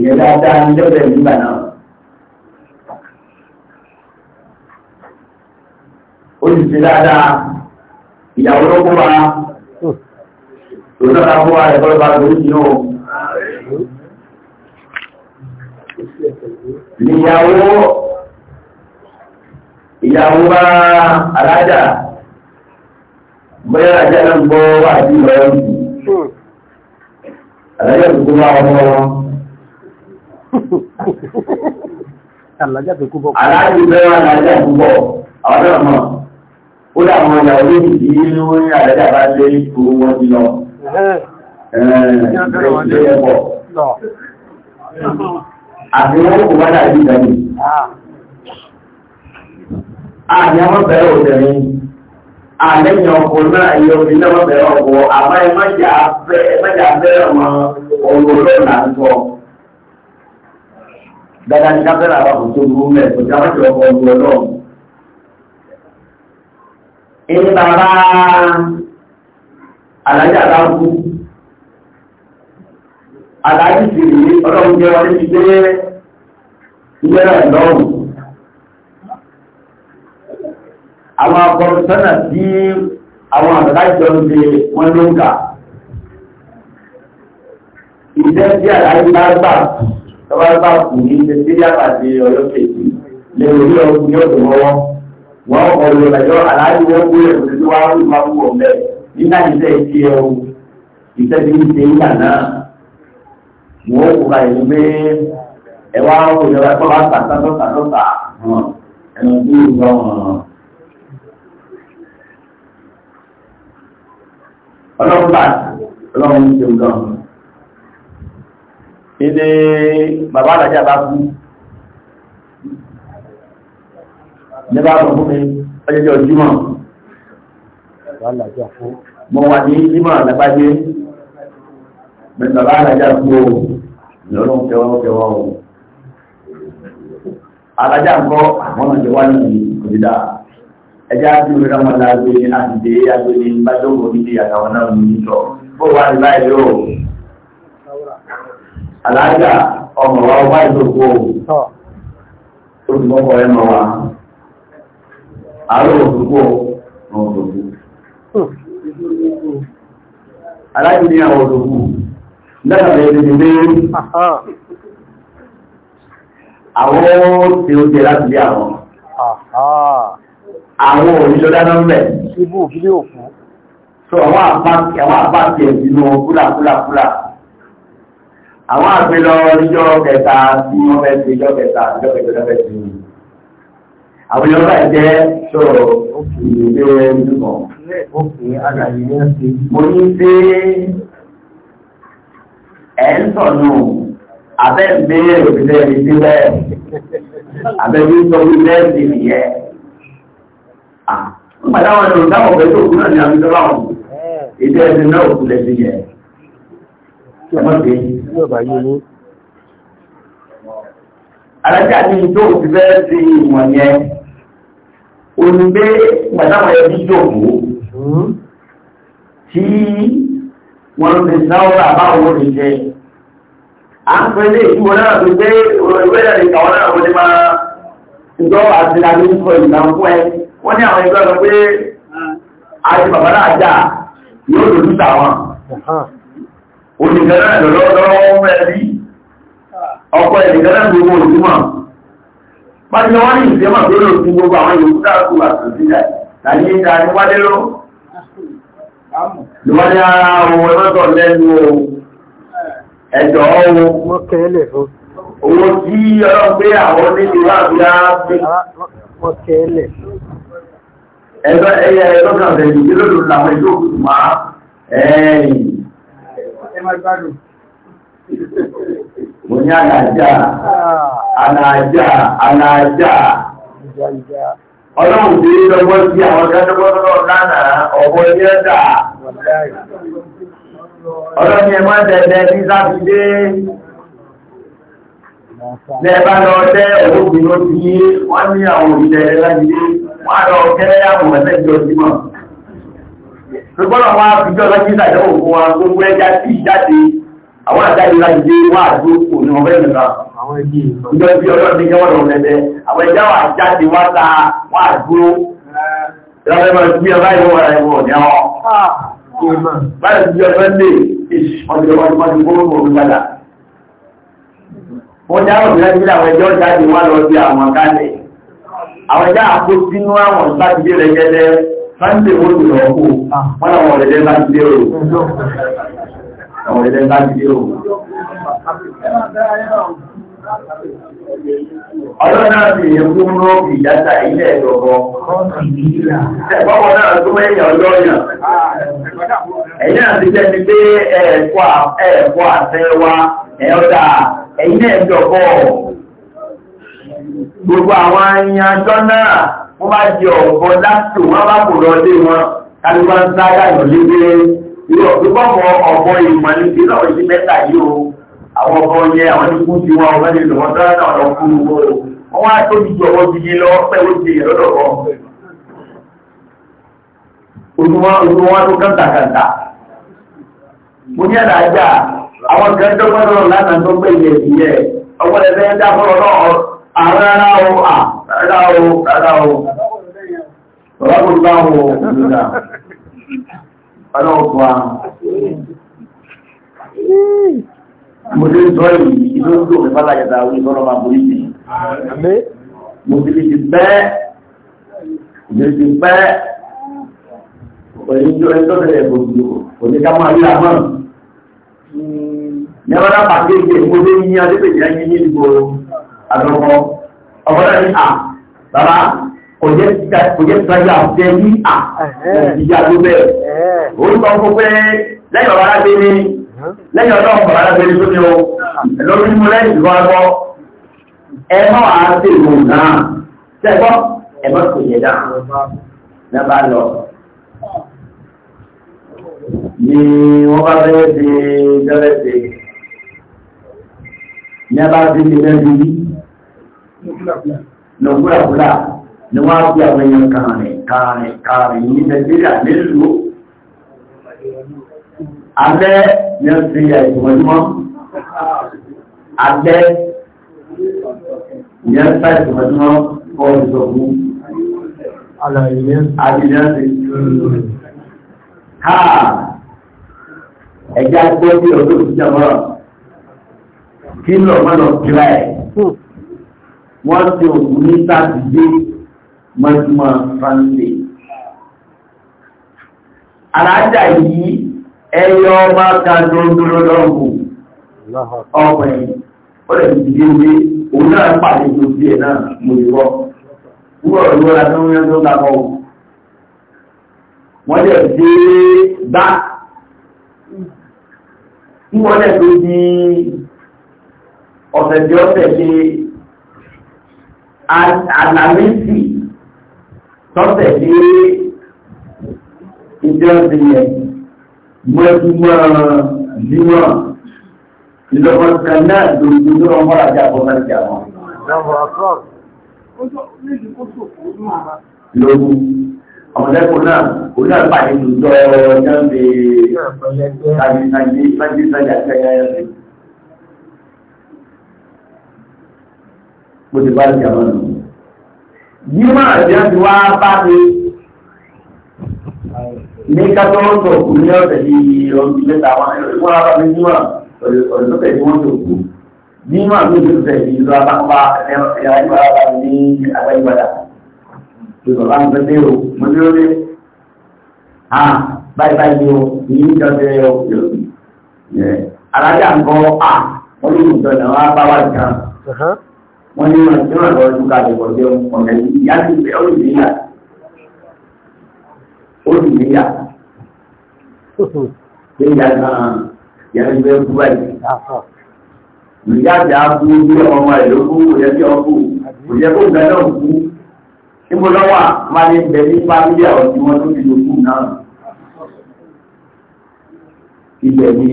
ìyẹn dáadáa ní lọ́dẹ̀ nígbà náà. ó sì ṣe dáadáa ìyàwó ló kó wa tòun náà kó wa ẹ̀kọ́ ló lórí jù náà. ìyàwó ìyàwó bá alájà bóyá alájà náà gbọ́ wà sí ìrọ̀lẹ́ alájà tó kó bá ọmọ wọn alájà tó kú bọ́. aláàjì bẹ́ẹ̀ wà lájà púpọ̀ àwọn náà mọ̀ ó dàwọn ọjà olóòtú tí ní wọ́n ní alájà bá lé owó wọn ti lọ. àti wọn kò bá dàbí ìdánwò. àmì àwọn bẹ̀rẹ̀ òṣèré àlẹ́yìn ọkọ̀ náà yọ bí náà bẹ̀rẹ̀ ọkọ̀ àmọ́ ẹ má jà bẹ́ẹ̀ ọmọ ọ̀rọ̀ lọ́nà ń sọ dáadáa ní kápẹ́rẹ́ àbábò tó burú mẹ́ kò já wájú ọkọ̀ ọdún ọlọ́run. Ẹni bàbá àlàyé àláwù àlàyé sì rí ọlọ́run jẹ́ wọlé ti gbé ilé rẹ̀ lọ́rùn. Àwọn akọ̀rọ̀sọ́nà tí àwọn àbàdá ìjọ ń ṣe wọ́n ló ń kà. Ìjẹ́ tí àlàyé bá gbà kù tọ́wọ́ bá kù ní ṣẹ́ṣẹ́lẹ́ àpàdé ọ̀yọ́ kejì lè rí ọkùn ní ọ̀dọ̀ mọ́wọ́ wọ́n kọ̀ lọ lọ́jọ́ aláàbí wọ́n kú rẹ̀ tó wá rú máa wù ọ̀bẹ nígbà níṣẹ́ ìṣe ẹ̀wù ìṣẹ́ ti ń ṣe nígbà náà wọ́n kú ka ìlú pé ẹ̀wá òkú ìjọba tó bá tà tọ́tà tọ́tà ẹ̀nà tó ń gbọ́ wọn. ọlọ́run bá ọlọ́run ń ṣe ń èdè bàbá àlàjá bá kú nígbà tó fún mi ọjọ́jọ́ jímọ̀ mo wà ní jímọ̀ àlágbájé bàbá àlàjá kú o lọ́rọ̀ kẹwàá o àlàjá ń kọ́ àwọn ọjọ́ wà ní òdìdá ẹjá tí ó rán mọ́lá gbé ní àdìdé agbé ní bájọ́ òdìdí àtàwọn náà ní ìtọ̀ alájà ọmọ wa wá ìlòkó olùmọ́kọ̀ ẹ mọ̀ wa àárò òdúgbò ọmọ òdúgbò hmm. alájà ní àwọn òdúgbò lẹ́gbẹ̀ẹ́ ìdílé àwọn tí ó jẹ láti lé àwọn àwọn òníṣọ́ dáná ń bẹ̀ ibú òfin ní òfin so àwọn àpá tí ẹ̀bí ní kúlàkúlàkúlà àwọn àgbélọ níjọ́ kẹta tí wọ́n fẹ́ sí ìjọ́ kẹta ìjọ́ kẹta lọ́fẹ́ sí i àwọn ìjọba báyìí jẹ́ sọ̀rọ̀ ìgbé ojúmọ̀ mo ní pé ẹ̀ ń sọ̀nù abẹ́ ń bèèrè òbílẹ̀ ní sílẹ̀ abẹ́ ń sọ wílẹ̀ sí nìyẹn nígbà táwọn ẹ̀rọ dáwọ̀ pẹ̀lú òkú náà ní àbíjọ́ báwọn ìdí ẹ̀sìn náà òkú lẹ́sìn yẹn Alájá ní ìjọ òfin bẹ́ẹ̀ sí ìwọ̀n yẹn, olùgbé pàtàkì ẹbí jòkó tí wọ́n ti sáwọ́rọ̀ àbáwọn olùjẹ́. A ń pẹ́ lé ìwọ̀n náà tó gbé ìwẹ̀lẹ̀ ìkàwọ́n náà wọlé máa ìjọ àti ìlànà ìfọ̀ ìgbàmkú ẹ. Wọ́n ní àwọn ìgbàmkú pé àti bàbá náà jà yóò lòdútà wọn òṣìṣẹ́ náà lọ́lọ́wọ́ ọmọ ẹbí ọkọ̀ ẹ̀dìkan náà gbogbo òṣùmọ̀ pàtàkì wọ́n ní ìṣẹ́mọ̀ tó lò fún gbogbo àwọn yòókù dáàkù àtòsílẹ̀ láyé ìta ni wálé ló lọ́wọ́dé ara ohun ẹgbẹ́tọ̀ lẹ́nu ẹ̀jọ̀ ohun owó tí ọlọ́run pé àwọn oníbi wà bí á pé ẹgbẹ́ ẹ̀yẹ ẹgbẹ́ kan fẹ̀yìn tí ló lò láwọn ìlú òkùnkùn máa ẹ̀yìn mo ní àlàjá àlàjá àlàjá ọlọ́run tí ó lọ́wọ́ sí àwọn kẹ́tọ́gbọ́sọ́rọ̀ lánàá ọ̀bọ̀ ní ẹ̀dà ọlọ́run ẹ̀mọ́ tẹ̀lẹ̀ ní sátidé lẹ́ẹ̀bá lọ tẹ́ òwúgbìn ó ti yé wọ́n ní àwọn òbí láti dé wọ́n lọ kẹ́ àwọn Ṣùgbọ́n wa fìjọ́ lọ́jí ìdájọ́ òkú wa gbogbo ẹja sí ìjáde àwọn àjáde láti dé wà àdúgbò ní ọ̀rẹ́ ìrìnà. Ìjọ bí ọlọ́run ní jẹ́wọ́n lọ lẹ́lẹ́, àwọn ẹja wà jáde wá ta wà dúró. Ìrọ̀lẹ́ máa gbé ọlá ìwọ̀ ọ̀rẹ́ ìwọ̀ ní ọ. Báyọ̀ ti jẹ́ Sunday, ọjọ́ ọjọ́ ọjọ́ gbogbo òun padà. Wọ́n já òun lẹ́sí àwọn ẹjọ́ jáde wá lọ sí àwọn kálẹ̀. Àwọn ẹja àkó sínú àwọn sátidé rẹ̀ Sáńdé wọ́n ti lọ kó, ah. wọ́n àwọn ọ̀rẹ́dẹ́ bá ti dé o. Ọ̀rẹ́dẹ́ bá ti dé o. Ọjọ́ náà sì yẹ fún rọ́ọ̀bì ìyáta ilé ẹ̀dọ̀gọ́. Ẹ̀gbọ́n náà tó mẹ́yìn ọjọ́ yàn. Ẹ̀yìn àti jẹ́ ti pé ẹ̀ẹ̀kọ́ àtẹ́ wa ẹ̀ọ́dà ẹ̀yìn ẹ̀dọ̀gọ́. Gbogbo àwọn ayan ọjọ́ náà wọ́n bá jẹ ọ̀gbọ́ láti wọ́n bá kò lọ lé wọn kálí wọ́n ń sáyà yàn léwé ilé ọ̀gbọ́n ọ̀gbọ́ ìmọ̀ ní bí náà mẹ́ta yìí o àwọn ọ̀gbọ́ yẹn àwọn ní kú ti wọn lọ́wọ́ náà lọ kú wọ́n wá tóbi ju pẹ́ ó ti yẹ lọ́dọ̀ wọn. tó rárá o rárá o ọlọ́run láwọn òmìnira ọlọ́ọ̀kọ́ bá láyẹ̀dá orí sọ́rọ̀ máa borí sí mo ti lè ti pẹ́ lè ti pẹ́ òyìnjọ ẹjọ́ rẹ̀ gbogbo òní ká máa rí àmọ́ ní ọlọ́dá pàtẹ́gbẹ̀ mo lè yí adébèjì ẹ̀yìn bàbá kò jẹ́ tírájà jẹ́ ní à ìyá tó bẹ́ẹ̀ ó ń sọ fún pé lẹ́yìn ọ̀rọ̀ alágbé ní lẹ́yìn ọ̀rọ̀ ọ̀pọ̀ alágbé ní sómi o lórí mú lẹ́yìn ìwọ ọgbọ́ ẹ mọ́ à ń tè mọ̀ náà sẹ́gbọ́ ẹ mọ́ kò yẹ dá náà bá lọ ni wọ́n bá fẹ́ ṣe jọ́lẹ́sẹ̀ ní a bá na wúràwúrà ni wọ́n á bí àwọn èèyàn kààrẹ̀ kààrẹ̀ kààrẹ̀ ní nàìjíríà nílùú alẹ́ ní ọ̀sẹ̀ ìwọ̀nmọ́ alẹ́ ní ọ̀sẹ̀ ìwọ̀nmọ́ ọ̀dọ̀gbù alẹ́yẹsẹ̀ káà ẹjá gbọ́ bí ọdún ìjọba kí lọ mọ́nà ẹ̀ wọ́n ti òkú ní sátidé mọ́júmọ́ sunday alájà yìí ẹyọ ọba kan tó ń dúró lọ́gùn ọmọ ẹ̀yìn ó lè fi dé ilé òun náà pàdé tó bí ẹ̀ náà mo lè rọ́ wúrọ̀ ìrora tó ń yẹn tó ń dàpọ̀ wọ́n lè dé bá wọ́n lè tó di ọ̀sẹ̀ àlàmísì tọ́tẹ̀ ní ìjọ ìdíyẹ mọ́júmọ́ jímọ̀ ìlọ́pọ̀ta náà lóògbé ní ọmọ àjá àbọ̀mọ́jà wọn lóògùn ọmọdékùn náà kò náà pàdé lùjọ ọjọ́ ìgbé bó ti bá ti àwọn nù. Bí máa jẹ́ ti wá bá mi ní kátọ́rọ́tọ̀ kù ní ọ̀sẹ̀ ní ọdún mẹ́ta wọn wọ́n bá mi ní wọn ọ̀dọ́tẹ̀ tí wọ́n tó kù. Bí báyìí báyìí ni o, kì í jọ sí ẹ o. Alájà ń kọ́ à, wọ́n wá bá wà jẹun wọ́n ní wọn tí wọ́n lọ ọdún kalẹ̀ kọ̀ jẹun ọ̀nà ìyá ti bẹ̀ ó sì níyà ó sì níyà ṣé ìyá gan-an ìyá ti bẹ̀ kú báyìí. ìyá ti á kú bí ọmọ rẹ̀ ló kú kò yẹ kí ọ kú kò yẹ kó gbẹ náà kú níbo lọ́wọ́ máa ní bẹ̀ ní fámílì àwọn tí wọ́n tó ti lò kú náà ibẹ̀ ni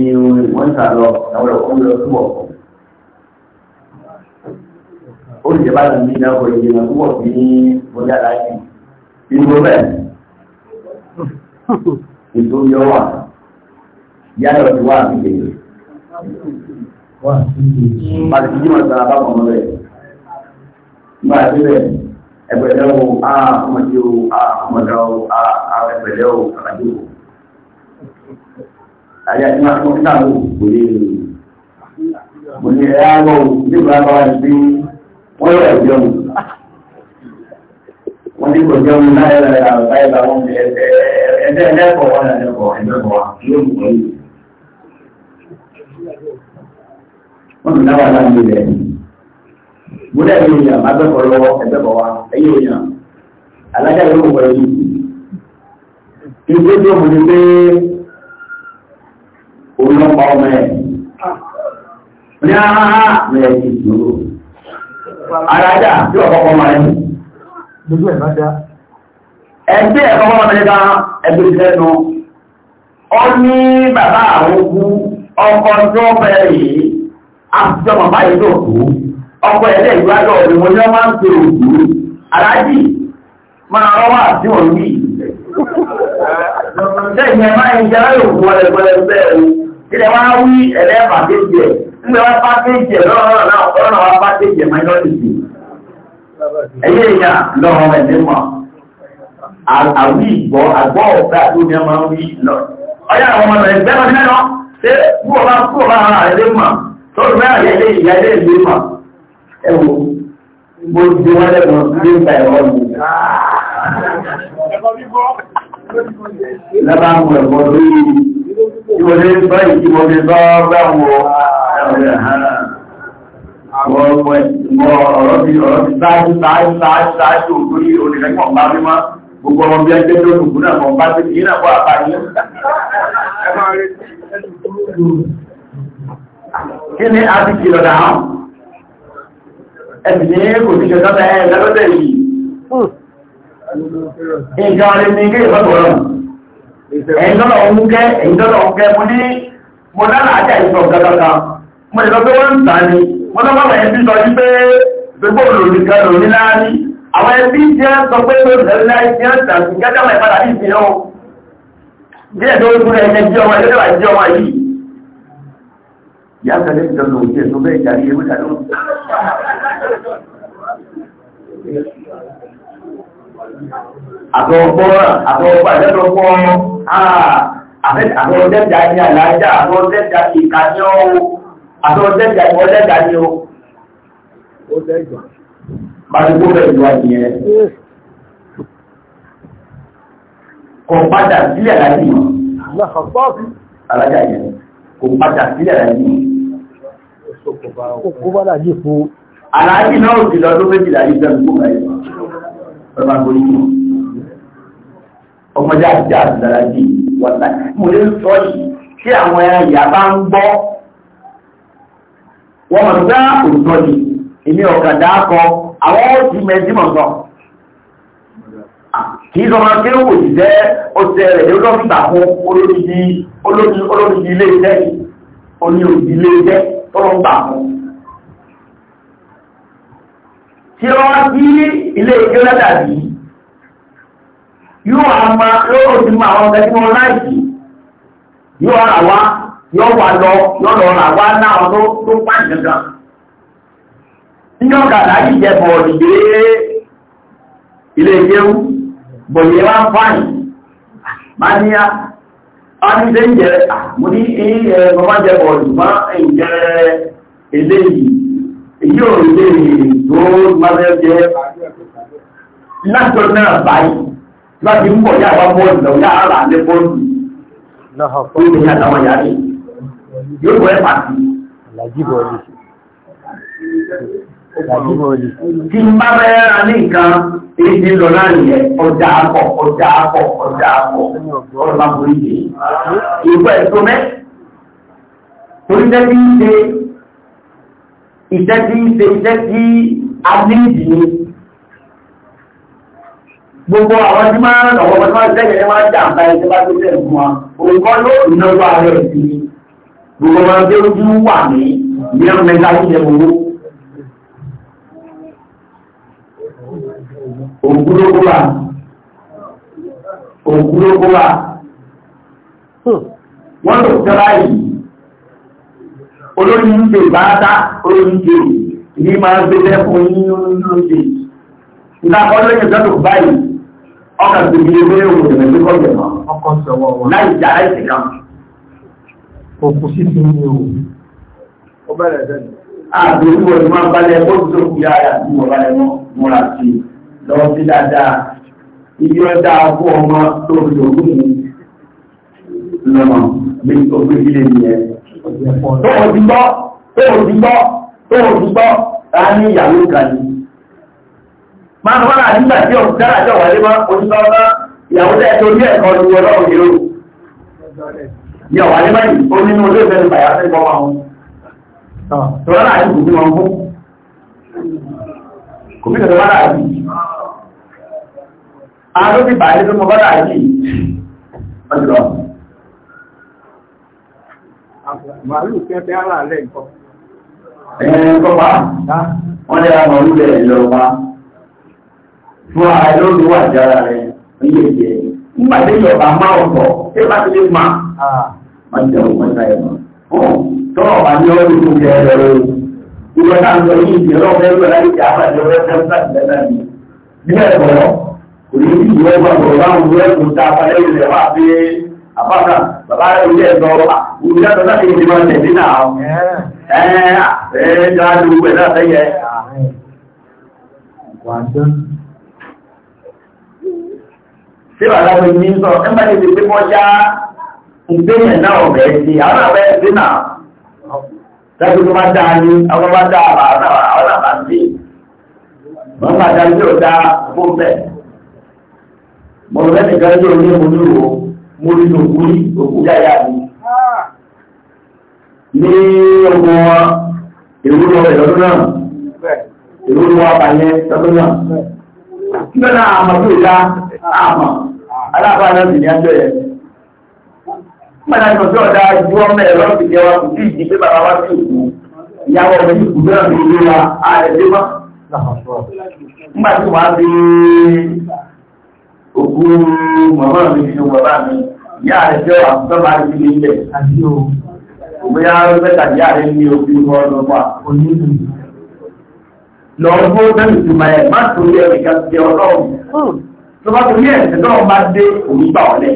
wọ́n ń sà àwọn ọ̀pọ̀ ń lọ túbọ̀ olùjẹba náà ní ìdáwó ìdènà púpọ̀ sí ní bọ́dá láti inú bẹ́ẹ̀ ètò yọ wà yálọ̀ tí wà á fi lè pàtàkì jímọ̀ sára bá kọ̀ mọ́lẹ̀ nígbà tí bẹ́ẹ̀ ẹgbẹ̀lẹ́ o a ọmọdé o a ọmọdé o a ẹgbẹ̀lẹ́ o àkàdé o àyà tí máa tún náà lò kò mo ní ẹ̀ á nígbà bá wà ní wọ́n ní kò jẹun náà yà wọn ẹgbẹ́ ẹlẹ́kọ̀ọ́ wọn là lẹ́kọ̀ọ́ yóò mú wọn. wọ́n tún náà wà rẹ̀ gbọ́dọ̀ ẹ̀yìn èèyàn má lọ́wọ́ ẹgbẹ́ wa ẹ̀yìn èèyàn alájà yóò wọ̀ ẹ̀yìn. ìgbé tó ni pé òun lọ́pàá ọmọ ẹ̀ ní àárá mẹ́ẹ̀ẹ́dì lóró àdájà tí ọ̀kọ́kọ́ máa ní. Gbogbo ẹ̀ bá dá. Ẹgbẹ́ ẹ̀kọ́ máa mẹ́ta ẹgbẹ́ ìfẹ́nu. Ó ní bàbá àwọ́kú ọkọ̀ tó bẹ̀rẹ̀ yìí, àtijọ́ bàbá yìí tó kú. Ọkọ̀ ẹ̀lẹ́ ìgbádọ̀ ni wọ́n yọ máa ń pe òkú. Àdájì máa rọ́wà tí wọ́n wí. Ṣé ìyẹn máa ń jẹ́ Nígbà wá pákéjì ẹ̀ lọ́rọ̀ náà ọ̀rọ̀ wá pákéjì minority. Ẹyẹ ìyá lọ́rọ̀ ẹ̀ mímọ̀. Àwí ìgbọ́ àgbọ́ ọ̀fẹ́ àti omi ọmọ wí lọ. Ọyá àwọn ọmọ rẹ̀ gbẹ́ wọn mẹ́rọ ṣé kúrò bá kúrò ara rẹ̀ mọ̀ tó rẹ̀ mẹ́rọ yẹ ìyá ilé ìlú mọ̀. Ẹ wo mo ti wọ́n lẹ́gbọ̀n ní ìgbà ẹ̀rọ mi. Lábàá mo ẹ̀kọ́ lórí ìwọlé bá ìdíwọlé bá bá wọn. حولها Gbogbo ọmọ bí ẹgbẹ́ tó kùnkùn náà mọ̀ bá ti kìí náà bọ́ àbáyé. Kí ni a ti kìí lọ́dá hàn? Ẹ̀sì ní kò ní ṣe sọ́tẹ̀ ẹ̀ lọ́lọ́dẹ̀ yìí. Nǹkan ọ̀rẹ́ ni kí ìfẹ́ bọ̀rọ̀. Ẹ̀yìn mo ìlọ pé wọ́n ń tà ní wọ́n tó báwọn ẹbí sọ wípé gbogbo olùdíkan lò ní láàárín àwọn ẹbí jẹ́ sọ pé lóòrùn jẹ́ tàbí gẹ́gẹ́ àwọn ìpadà ní ìfihàn díẹ̀ tó ń gúnlẹ̀ ẹgbẹ́ jẹ́ ọmọ ẹgbẹ́ wà jẹ́ ọmọ yìí yàtọ̀ lè ìkàjọ́ àti ọ̀dẹ́gbà ọ̀dẹ́gbà ni ó pàdúgbò bẹ̀rẹ̀ wà ní ẹ̀ kò padà sílẹ̀ láti mọ̀ alájà yẹn kò padà sílẹ̀ láti mọ̀ kò padà yìí fún aláàjì náà ò sí lọ́dún méjìlá yìí fẹ́ gbogbo ẹ̀ ọ̀rọ̀ àgbò yìí ọmọdé àti àti dára jì wọ́n láti mo lè sọ yìí tí àwọn ẹ̀yà bá ń gbọ́ wọ́n mọ̀ dá òtọ́ ni èmi ọ̀kà dákọ àwọn òtí mẹ́jìmọ̀ sọ kì í sọmọ kí ó wò sí jẹ́ ọ̀sẹ̀ rẹ̀ ló dọ́kítà fún olóòdì ilé iṣẹ́ oní òdì ilé iṣẹ́ tọ́lọ́ ń bà fún tí ó wá sí ilé iṣẹ́ lẹ́dàbí yóò àmà lóòdì mọ àwọn ọ̀gá tí wọ́n láìsí yóò àwá yọ wà lọ yọ lọ rà wá náà tó tó pàdé gan. Níjọ́ gàdá yìí jẹ bọ̀ọ̀dì dé ilé ìjẹun, bọ̀ọ̀dì wá fáìn, máa ní á, a ní ṣe ń jẹ mo ní ẹ bàbá jẹ bọ̀ọ̀dì má ń jẹ eléyìí, èyí ò lè tó má fẹ́ jẹ látọ̀ náà báyìí láti ń bọ̀ yá àwọn bọ́ọ̀dì lọ yá àrà lé bọ́ọ̀dì. Náà, ó yẹ kí àtàwọn yàrá yìí yóò wẹ́ pàtó. Làjí bọ̀ọ̀lì. Làjí bọ̀ọ̀lì. Kí n bá bẹ́ẹ̀ ra ní nǹkan èyí ti lọ láàrin yẹn, ọjà akọ̀, ọjà akọ̀, ọjà akọ̀, ọ̀rọ̀ máa borí yìí. Ìwọ ẹ̀tọ́ mẹ́. Torí iṣẹ́ tí ń ṣe, iṣẹ́ tí ń ṣe, iṣẹ́ tí a ní ìdí ni. Gbogbo àwọn tí máa ń lọ́wọ́ wọn máa ń sẹ́yìn ní wọ́n á jà ń bá ẹni tí tó sẹ́yìn fún wa. Òǹkọ́ ló ìnáwó ààrẹ ìsinmi gbogbo ọmọ ẹgbẹ́ ojú wà ní mìíràn mẹ́ta ilẹ̀ owó ògúlógúwà ògúlógúwà wọ́n lò tẹ́lá yìí olóyìn ṣe ìbáratá olóyìn ṣe ní máa gbé lẹ́kùn ní olóyìn ṣe ìdákọ́ lóyìn tẹ́lá báyìí ọkà gbogbo ẹgbẹ́ òun ìrìnlẹ́gbẹ́ kọjẹ̀ náà láì jà láì sí kan òkú sí ti ní o. ó bẹ̀rẹ̀ sẹ́yìn. àbí ìwọ ni wọ́n balẹ̀ ó ti tó kú yára tí wọ́n balẹ̀ mọ́ múra sí i lọ sí dáadáa ibi ọjà kú ọmọ tó fi òkú mu bí o gbé sílé o ti gbọ́ o ti gbọ́ tó o ti gbọ́ ta ní ìyàwó kan ni. máa ń wọ́n àdúgbà tí o dára jọ wọlé mọ́ onígbà ọ̀gá ìyàwó tẹ̀ torí ẹ̀kọ́ ju ọlọ́run ní ọ̀wà ní mẹ́rin ó nínú ilé ìfẹ́ nípa ìyá fẹ́ gbọ́mọ wọn tó rárá àti kò bí wọn fún kò bí tẹ̀lé bára yìí a ló fi bàálé tó mọ bára yìí ọjọ́ màálù kẹfẹ́ ara rẹ̀ nǹkan ẹ̀yẹn kọ́ pa wọ́n lẹ́ra màálù bẹ̀rẹ̀ lọ pa fún ara ló lówà jára rẹ̀ ní èdè ọjọ́ ìpọ́ta ẹ̀mọ́. Tọ́wọ̀ bá ní ọdún tó jẹ ẹ̀rọ rẹ̀. Ìwọ náà sọ yìí ìdí ọlọ́run ẹ̀rọ láti jẹ àbájọ rẹ̀ fẹ́ sáàtì lẹ́nà mi. Bí ẹ̀kọ́, kò ní bí ìwọ bá bọ̀ láwọn ìwé ẹ̀kọ́ ta apalẹ́yìn rẹ̀ wá pé àpáta bàbá rẹ̀ ilé ẹ̀dọ́ ìgbéyàn náà ọ̀bẹ̀ ti àwọn àbẹ̀ ti náà lẹ́gbẹ̀ẹ́ tó máa dáa ní àwọn máa dáa àbà náà àwọn àbà sí wọ́n máa dáa ní ọ̀dá fún bẹ́ẹ̀ mo rẹ̀ nìkan yóò ní mo ní wo mo rí òkú rí òkú yáyà mi ní ọmọ ìwúrọ̀ rẹ̀ lọ́dún náà ìwúrọ̀ abayẹ lọ́dún náà kí lọ́nà àmọ́ tó ìlà àmọ́ alábàá sì ní Mọ̀nà ìtọ́jú ọ̀dá ju ọmọ ẹ̀rọ ti jẹ wa kò sí ìdí pé bàbá wa sí òkú. Ìyàwó ọmọ yìí kù náà ló lé wa ààrẹ wá. Nígbà tí wàá fi òkú màmá mi fi bàbá mi, ìyá rẹ̀ jẹ́ àkùtọ́ bá rí sílé ilẹ̀. Òbíyá mẹ́ta ìyá rẹ̀ ní òbí wọn lọ Lọ bó bẹ́ẹ̀ sì máa ẹ̀ má torí ẹ̀ríkà ti ọlọ́run. Tó bá torí náà bá dé òun gbà ọ́lẹ̀.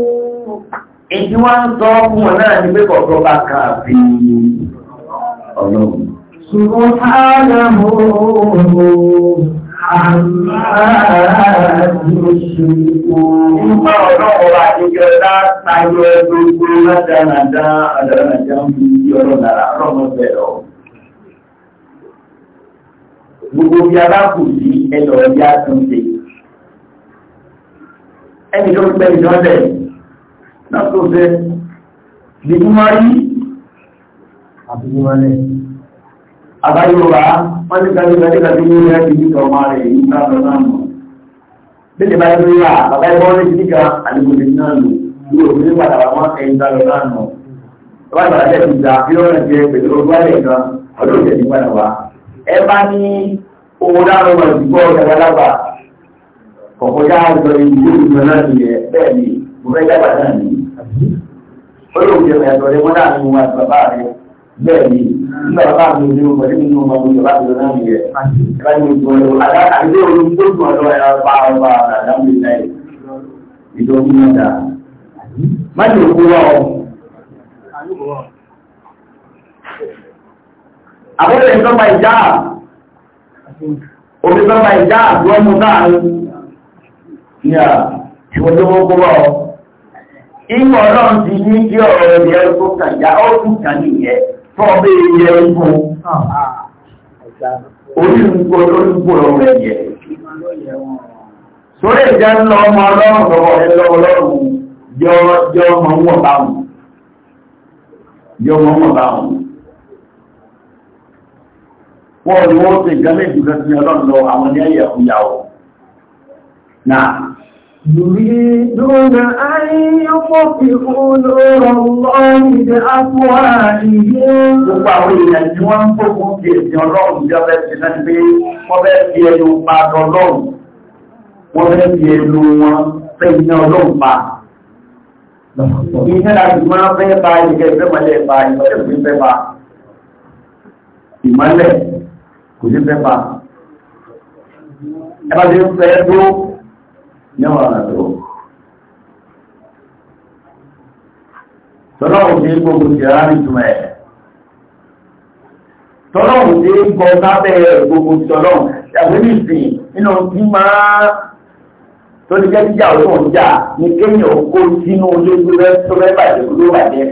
èyí wá ń tọ́ fún wọn náà ní pé kọ̀ọ̀kan bá kà fi ọlọ́run. ṣùgbọ́n ádámù Ìgbà ọlọ́run wa ti jẹ́ ọ̀dá tayọ gbogbo ládánadá àdánadá ń fi ọ̀rọ̀ lára rọ́mọ bẹ̀rọ. Gbogbo bí a bá kù sí ẹlọ́ọ̀dí àtúnṣe. Ẹni tó ń pẹ́ ìjọ́lẹ̀ yìí. Not so there. The Umari, Abdulmane. Abayoba, wọ́n ti kàrí ìgbàdé kàrí ní ilẹ̀ ti níkà ọmọ rẹ̀ yìí sáàtọ̀ náà mọ̀. Bí lè báyé lórí à, bàbá ẹgbẹ́ wọn ti níkà àdìgbòdì náà lò, yóò fi ní padà wọn ẹ̀yìn sáàtọ̀ náà mọ̀. Bàbá ìgbàdá jẹ́ ti gbà, bí lọ́rẹ̀ jẹ́ pẹ̀lú ọgbà rẹ̀ kan, ọdún ìjẹ̀ ti padà wá. Ẹ bá ní owó dáhùn mọ̀ sí bọ́ọ̀ ìjàgbálágbà, kọ̀kọ́ yá àjọ ìlú ó lóun jẹ ẹ̀dọ̀ rẹ wọ́n láàrin wọn àti bàbá rẹ bẹ́ẹ̀ ni nígbà bàbá mi ò léwu pẹ̀lú nínú ọmọ mi bàbá mi ò náà yẹ ẹ̀ka ní ojú ọlọ́wọ́ àdé orí tó dùn ọlọ́wọ́ ẹ̀rọ bá ọba àdámù ilẹ̀ ìdókòwò náà dáa. má ti òkú wá ọ. àbúrò ìjọba ìjà òbí ìwọ ọlọ́run ti ní kí ọ̀rọ̀ ẹ̀rẹ̀ ẹ̀kọ́ kàjá ó tún kà nìyẹn fún ọbẹ̀ ilẹ̀ ẹ̀kọ́ olùkọ́ olùkọ́ ọ̀rọ̀ ẹ̀yẹ. sórí ìjà ń lọ ọmọ ọlọ́run lọ́wọ́ ẹ lọ́wọ́ ọlọ́run jọ ọmọ wọn báwọn jọ ọmọ wọn báwọn. wọ́n ni wọ́n ti gán méjì ọlọ́run lọ àwọn ní ẹ̀yẹ̀ يريدون أن يطفئوا نور الله بأفواههم Gbogbo àwọn èèyàn ni wọ́n ń fòkún kí èsì ọlọ́run jẹ́ ọ̀rẹ́ ti náà pé wọ́n bẹ́ fi ẹnu pa ọlọ́run. Wọ́n bẹ́ fi ẹnu wọn fẹ́ iná ọlọ́run pa. Iṣẹ́ láti máa fẹ́ pa ìgẹ́ ìfẹ́ mọ́lẹ̀ pa ìmọ́lẹ̀ kò ní fẹ́ pa. Ìmọ́lẹ̀ kò ní fẹ́ pa. Ẹ bá ti ń fẹ́ tó níwọ̀n àtò tọ́lọ́wọ̀ tí gbogbo ti rá ní túnmọ̀ ẹ̀ tọ́lọ́wọ̀ tí gbọ́ sábẹ́ gbogbo ti tọ́lọ́wọ̀ ẹ̀wẹ́ ní ìsìn nínú tí máa tó ní jẹ́ jíjà òun òun jà ní kéèyàn kó sínú olóògbé rẹ̀ tó rẹ̀ bàjẹ́ ló bàjẹ́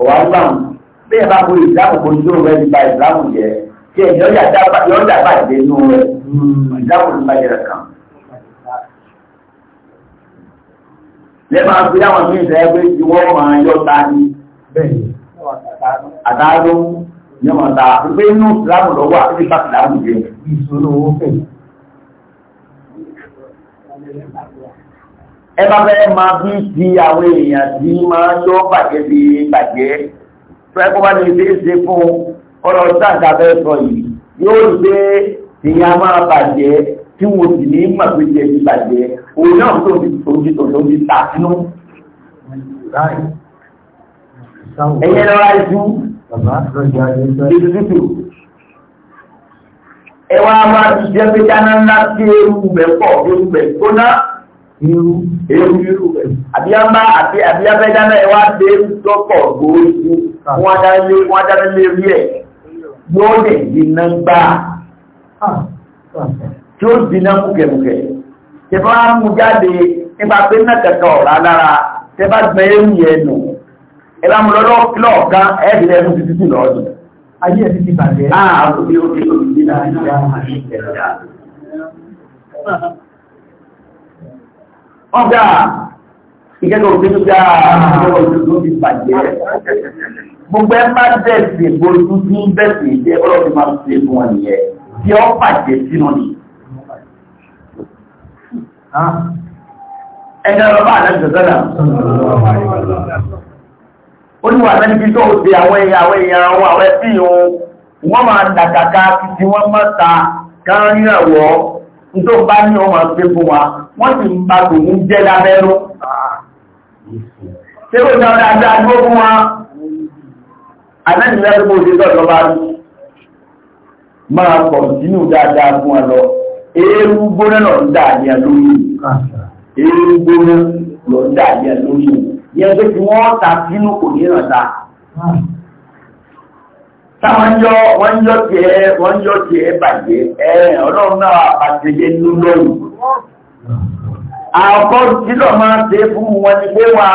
ọ̀wá gbàm bẹ́ẹ̀ bá kó ìsìlámù kó tó rẹ̀ ti ba ìsìlámù jẹ́ dá bàjẹ́ nù rẹ̀ ìsìlámù ti bàjẹ́ rẹ̀ kàn. lẹ́bà ń fi àwọn mí ìfẹ́ pé tí wọ́n máa yọ ta ní àtàádó yọmọ̀ta pé inú ìsìlámù lọ́wọ́ àti bá ìsìlámù jẹ́ ẹbá fẹ́ máa bí ti àwọn èèyàn tí máa yọ bàjẹ́ bí bàjẹ́ tó ẹkọ́ bá ní ilé ṣe fún ọ̀rọ̀ sáàtàfẹ́ sọ yìí yóò rí pé ìyá máa bàjẹ́ tí wọ́n sì ní màgbéjẹ́ bí bàjẹ́ òun náà tó ti tóbi tó tóbi tàbínú. ẹ̀yẹ lọ́ra ìjú ìtútù ẹwà bá ti jẹ́ pé dáná ńlá sí eru bẹ̀ pọ̀ eru bẹ̀ gbóná eru eru bẹ̀ àbíyámbá àti àbíyábẹ́ dáná ẹwà bẹ eru tó pọ̀ gbòóṣù ah. wọn dáná wọn dáná lé rí ẹ̀ yóò lè dínà gbà ah. ah. tí ó dínà múkẹ̀múkẹ̀ tẹ̀fọ́n á mú jáde nípa pé náà kẹ̀kẹ́ ọ̀rá lára tẹ́bá gbẹ ẹrù yẹn nù ẹ̀rọ amúlọ́lọ́ lọ́ọ̀kan ẹ̀rù títí tì ayé ẹ̀sìn ti bàjẹ́. a kò bí oge tó ti dá ìyá àti ìtẹ̀lẹ́dà. ọ̀gá ìkẹ́kọ̀ọ́ òfin tó dáa ìkẹ́kọ̀ọ́ òfin tó ti bàjẹ́. gbogbo ẹ má dẹ̀sìn gbòòtú sí bẹ́sìn jẹ́ ọlọ́run máa ń ṣe fún wọn nìyẹn tí ó bàjẹ́ sínú nìyẹn. ẹ̀dẹ̀ ọlọ́pàá àdájọ́sọ́lá olùwà lẹ́ni tó ṣe àwọn èèyàn àwọn èèyàn àwọn ẹbí wọn wọ́n máa dàkàkà títí wọ́n mọ́ta kan tó bá ní ọmọ pé fún wa wọ́n sì ń bá tòun jẹ́ lábẹ́rú ṣé kò sọ dáadáa fún wa eérú gbóná lọ ń dà ní àlóyìn eérú gbóná lọ ń dà ní àlóyìn ní ẹgbẹ́ tí wọ́n ta sínú kò ní ìrànta táwọn yọ wọ́n yọ tiẹ̀ wọ́n yọ tiẹ̀ bàjẹ́ ẹ ọlọ́run náà nínú àkọ́ máa ṣe fún wọn ni pé wọ́n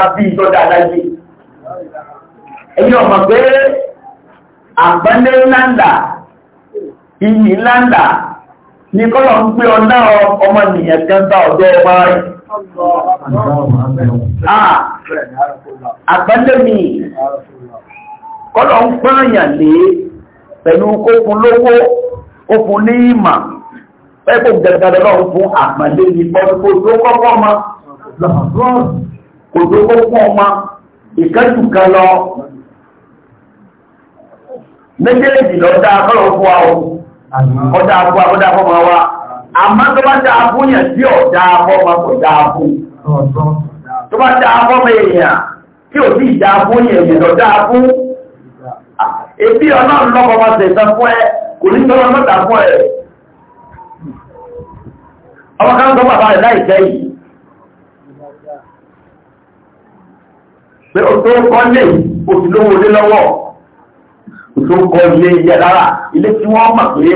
á bí ní kọ́lọ̀ ń pé ọ̀nà ọmọ nìyàn kan bá ọ̀dọ́ ọmọ rẹ̀. Ah, Àgbẹ́lẹ́mì kọ́lọ̀ ń pààyàn lé pẹ̀lú kókun lówó, kókun ní ìmà, pẹ́kù gẹ̀gẹ̀rẹ̀ lọ fún àgbẹ́lẹ́ ní pọ́lú kò tó kọ́kọ́ ma, kò tó kọ́kọ́ ma, ìkẹ́jù kan lọ. Méjèèjì lọ dáa ọdá abú abọ́dá fọ́mọ a àmá tó bá dá abú yẹn tí ò dá ma kò dá abú tó bá dá fọ́mọ èèyàn tí ò sì ìdá abú yẹn yẹn lọ dá abú ebi ọlọ́run ẹ kò ní tọ́lọ́ mọ́ta ẹ ọmọ tó bàbá rẹ̀ yìí pé tó kọ́ lè lówó lé tó kọ́ ilé iye lára ilé tí wọ́n mọ̀ pé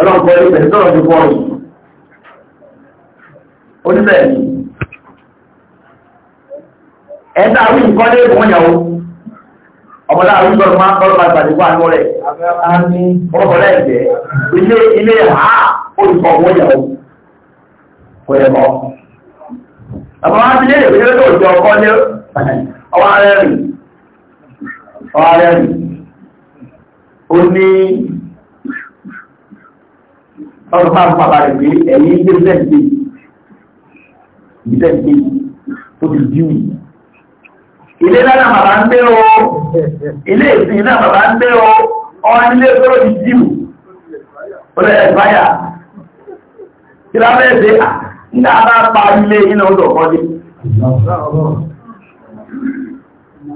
ọlọ́pọ̀ ilé pẹ̀lú tọ́rọ ti pọ̀ yìí ó ní bẹ́ẹ̀ ni ẹ̀ta rí nǹkan lé ìwọ̀n yàwó ọmọdé àwọn ìgbọ̀rọ̀ máa ń kọ́ lọ́pàá ìpàdé wà nú rẹ̀ ọmọdé ẹ̀jẹ̀ ilé ilé ha olùkọ́ wọ́n yàwó kò yẹ kọ́ àbáwá ti lé ìwé lọ́jọ́ ọkọ́ ní ọwọ́ rẹ̀ rìn ọ̀rẹ́ rẹ̀ ó ní ọdún máa pàpà rẹ̀ pé ẹ̀yìn ilé ti ilé lára bàbá ń gbé o ilé ìsìn náà bàbá ń gbé o ọ̀rẹ́ ilé tó ti díù ó lẹ́ ẹ̀fáyà kí lábẹ́ bá pa ilé iná ọdọ̀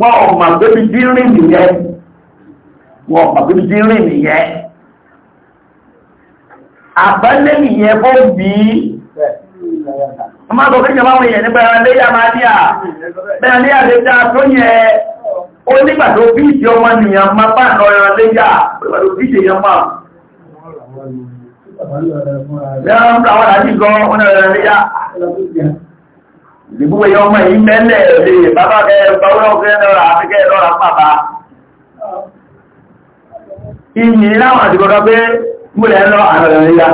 wọn ò mà bébí dínrín nìyẹn wọn ò mà bébí dínrín nìyẹn àbálẹ́ nìyẹn bó bí ọmọ àgbọ̀gbẹ́ ìjọba àwọn èèyàn nígbà ẹran léyà máa ní à bẹ́ẹ̀ ní àlejò tó yẹ ó nígbà tó bí ìdí ọmọ nìyàn máa bá àná ẹran léyà pẹ̀lú àdó bí ìdí èèyàn máa lẹ́ran àwọn àdíjọ́ ọ̀nà ẹran léyà ìdìbúwẹ̀ yọ ọmọ yìí mẹ́lẹ̀ lè bàbá kẹ bàbá ọkẹ lọ́ra àti kẹ lọ́ra pàpà ìyìn láwọn àti kọ́kọ́ pé múlẹ̀ lọ àrẹ̀rẹ̀ ríra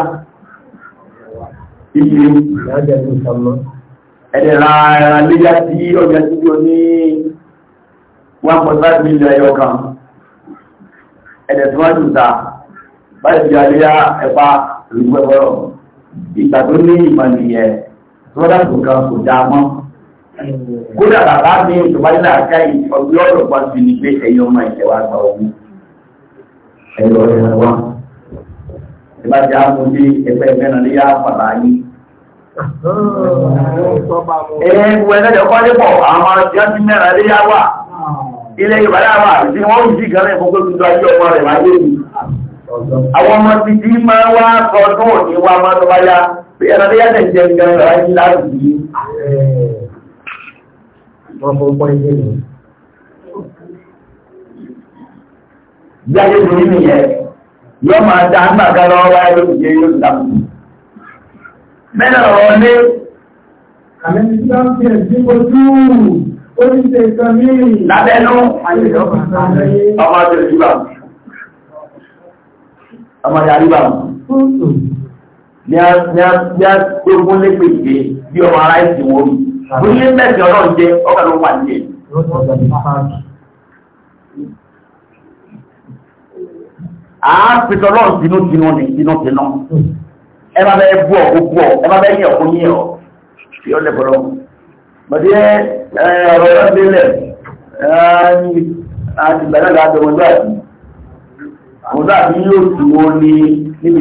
ìyìn ẹ̀dẹ̀ ra ẹ̀rà léjá sí ọjà tí ó ní 1.5 million ẹyọ kan ẹ̀dẹ̀ tí wọ́n jùta báyìí ti àríyá ẹ̀pá ìgbẹ̀bọ̀rọ̀ ìgbà tó ní ìmọ̀ nìyẹn brothers nǹkan kò dáa mọ́ kódà bàbá mi ìjọba nílà ajá ìfọ̀gbẹ́ ọ̀rọ̀ pa sí ni pé ẹ̀yin ọmọ ìṣẹ̀wà gba omi ẹ̀yin ọ̀rẹ́ rẹ̀ wá ìbá ti á mú sí ẹgbẹ́ ìgbẹ́nà ní yá bàbá yín. Ẹ̀yẹ ìwé ẹ̀dẹ́dẹ̀ kọ́lé pọ̀ àwọn ọmọ ìjọ ti mẹ́ra lé yá wà ilé ìbàdà wà tí wọ́n ń jí gẹ́rẹ́ ìfọ́gbé tuntun ayé ọmọ rẹ̀ wáyé mi. Àwọn ọmọ ti dín máa wá sọdún òní wá máa tó yá bí ẹ̀rọ bí yàtọ̀ jẹ́ gan ọ̀rọ̀ ayé láàrùn yìí. wọ́n fọ́ pọ́n ilé mi. bí ayé ti rí nìyẹn yọ máa da nígbà kan lọ́wọ́ wáyé ló ti jẹ́ yóò dà kù. mẹ́nà ọ̀rọ̀ ní. àmì ti dá sí ẹ̀sìn ojú oríṣi ìkan ní. lábẹ́nú ọmọ àti òṣùbà ọmọ àti àríwá ní a gbógun lépè ìgbé bí ọmọ ara ìsìn wọ́n mi. Bóyá mẹ́sì ọlọ́run jẹ́ ọkà ló wà nílẹ̀. À á pèsè ọlọ́run tinú tinú ní tinú tinú. Ẹ máa bẹ́ẹ̀ bú ọ̀kú bú ọ̀, ẹ máa bẹ́ẹ̀ yẹ̀ ọ̀kú yẹ̀ ọ̀. Fi ọ́ lẹ́bọ̀rọ̀. Bọ̀dé ọ̀rọ̀ ọ̀rọ̀ délẹ̀ àti ìgbàlẹ́ àti ọmọdé àti ọmọdé àti yóò tù wọ́n ní níbi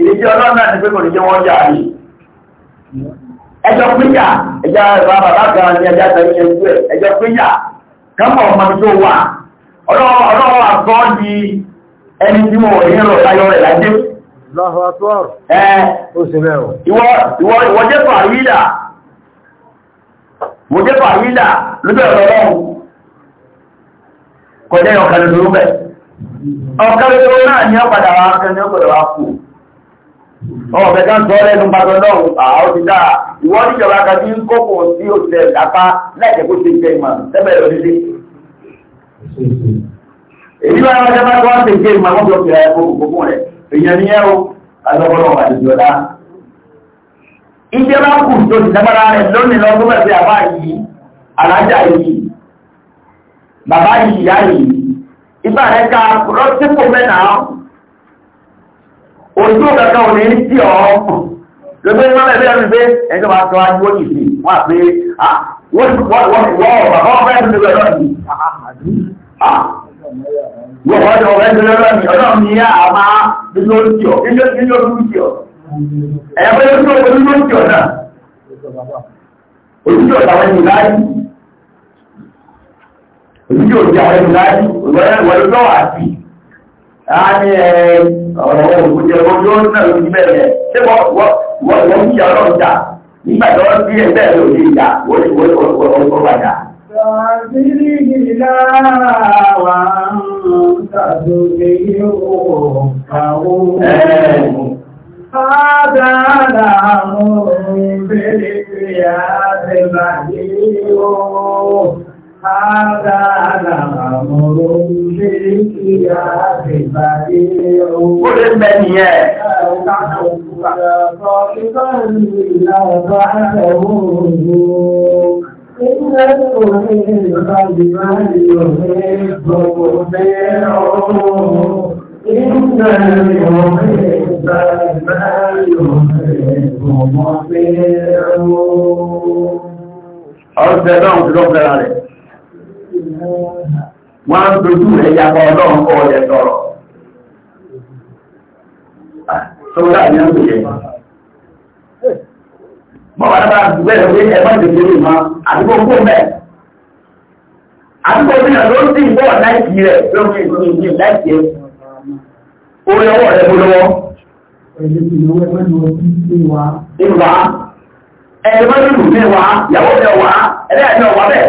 ìrìnjẹ́ ọlọ́run náà ni pé kò ní jẹ́ wọ́n jà rí ẹjọ́ pínyà ẹjọ́ ẹ̀rọ bàbá kan ní ẹjọ́ tẹ̀lé ẹjọ́ ẹ̀ ẹjọ́ pínyà kẹ́mọ̀ ọmọ tó wà ọlọ́wọ́ àgbọ́ di ẹni tí mo rẹ̀ ọ̀padà ọ̀bẹ̀ kan sọ lẹ́nu gbàgbọ́ náà àwọn ti dáa ìwọ́n níjọba kan ní kókò sí òṣìṣẹ́ ìdápá láìjẹ́ kó ṣe jẹ ìmọ̀ tẹ́bẹ̀ lọ nílé. èyí wọn wọn jẹba tó wọn ṣe jẹ ìmọ̀ wọn fi ọkẹ́ ẹ̀kọ́ gbogbo rẹ̀ èèyàn ní ẹ̀rọ alọ́gbọ́n wà lójú ọ̀la. ìjẹba kù tó ti dábàrà rẹ̀ lónìí lọ́gbọ́n bẹ̀rẹ̀ àbá yìí alájà yìí bàbá yìí ìyá yìí ìbá rẹ̀ ká rọ́típò mẹ́ta ojú kankan ò ní sí ọ lọ́gbẹ́ ní mọ́lẹ̀ bẹ́ẹ̀ wípé ẹni tó bá sọ ayé wọ́n yìí wọ́n àpé wọ́n bàbá ọ̀fẹ́ ẹ̀sùn lọ́wọ́ ẹ̀rọ mi wọ́n bàbá ọ̀fẹ́ ẹ̀sùn lọ́wọ́ ẹ̀rọ mi ọ̀dọ́ mi yá àmá nínú ojú ọ̀ nínú ojú ọ̀ ẹ̀yà pé ojú ọ̀ nínú ojú ọ̀ náà ojú ọ̀ tàwọn ẹ̀yìn láyé ojú ọ̀ tàwọn ẹ̀yìn láyé òwúrọ̀ ẹ̀wọ̀ ààrẹ eh, ọ̀rọ̀ òkúté ojú náà ló ti bẹ̀rẹ̀ ṣé wọ́n ń yà ọ̀rọ̀ ìjà nígbà tí wọ́n bí ẹgbẹ́ rẹ̀ òde ìjà wọ́n ti wọ́n ti wọ́n padà. Fádà làwọn òun bèèrè pé ààrẹ bàjẹ́ yóò. هذا لأمر في الكياس بديع قل من صاحبا لطعته إن المحب من يحب مطيع إن المحب من يحب مطيع أرسل لهم في الأخرى عليه wọ́n ń dojú rẹ̀ yàtọ̀ ọlọ́run kọ́ ọ̀rẹ́ sọ̀rọ̀ sọ́wọ́dá ní ọ̀pọ̀ yẹ mọ́wàá dábàá bẹ̀rẹ̀ pé ẹgbẹ́ ìdíkéré ma àdúgbò kó mẹ́ àdúgbò bí ló sì ń bọ̀ láìkì rẹ̀ lórí ìgbìyànjú láìkì rẹ̀ ó lọ́wọ́ rẹ̀ bó lọ́wọ́ ìwà ẹ̀rọ mẹ́rin mẹ́wàá ìyàwó mẹ́wàá ẹ̀rẹ́ ẹ̀rọ wà bẹ́ẹ̀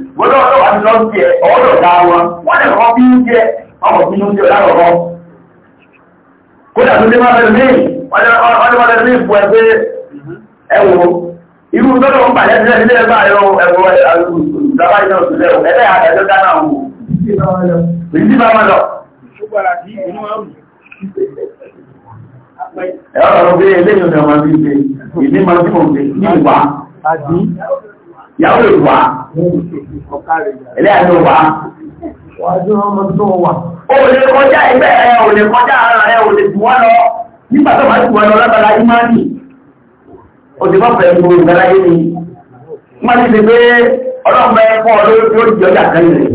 gbọ́dọ̀ ọ̀dọ̀ wà ní lọ́sí ẹ̀ ọ̀dọ̀ dá wọn wọ́n lè kọ́ bí jẹ́ ọmọ bínú jẹ́ lárọ̀kọ́ kódà tó dé máa bẹ̀rẹ̀ míì wọ́n lè máa bẹ̀rẹ̀ míì bu ẹgbẹ́ ẹ̀wò irú gbọ́dọ̀ ń bàjẹ́ ìyàwó lè wà ẹlẹ́yà ló wà. wàjú ọmọ tó wà. o lè kọjá ẹgbẹ́ ẹ o lè kọjá ara ẹ o lè tù wá lọ nígbà tó bá tù wá lọ lábala ìmánì o ti bá bẹ̀rẹ̀ gbogbo ìgbàlá yé mi. wọ́n ti ṣe pé ọlọ́mọ ẹ fọ́ lórí tó di ọjà kan rẹ̀.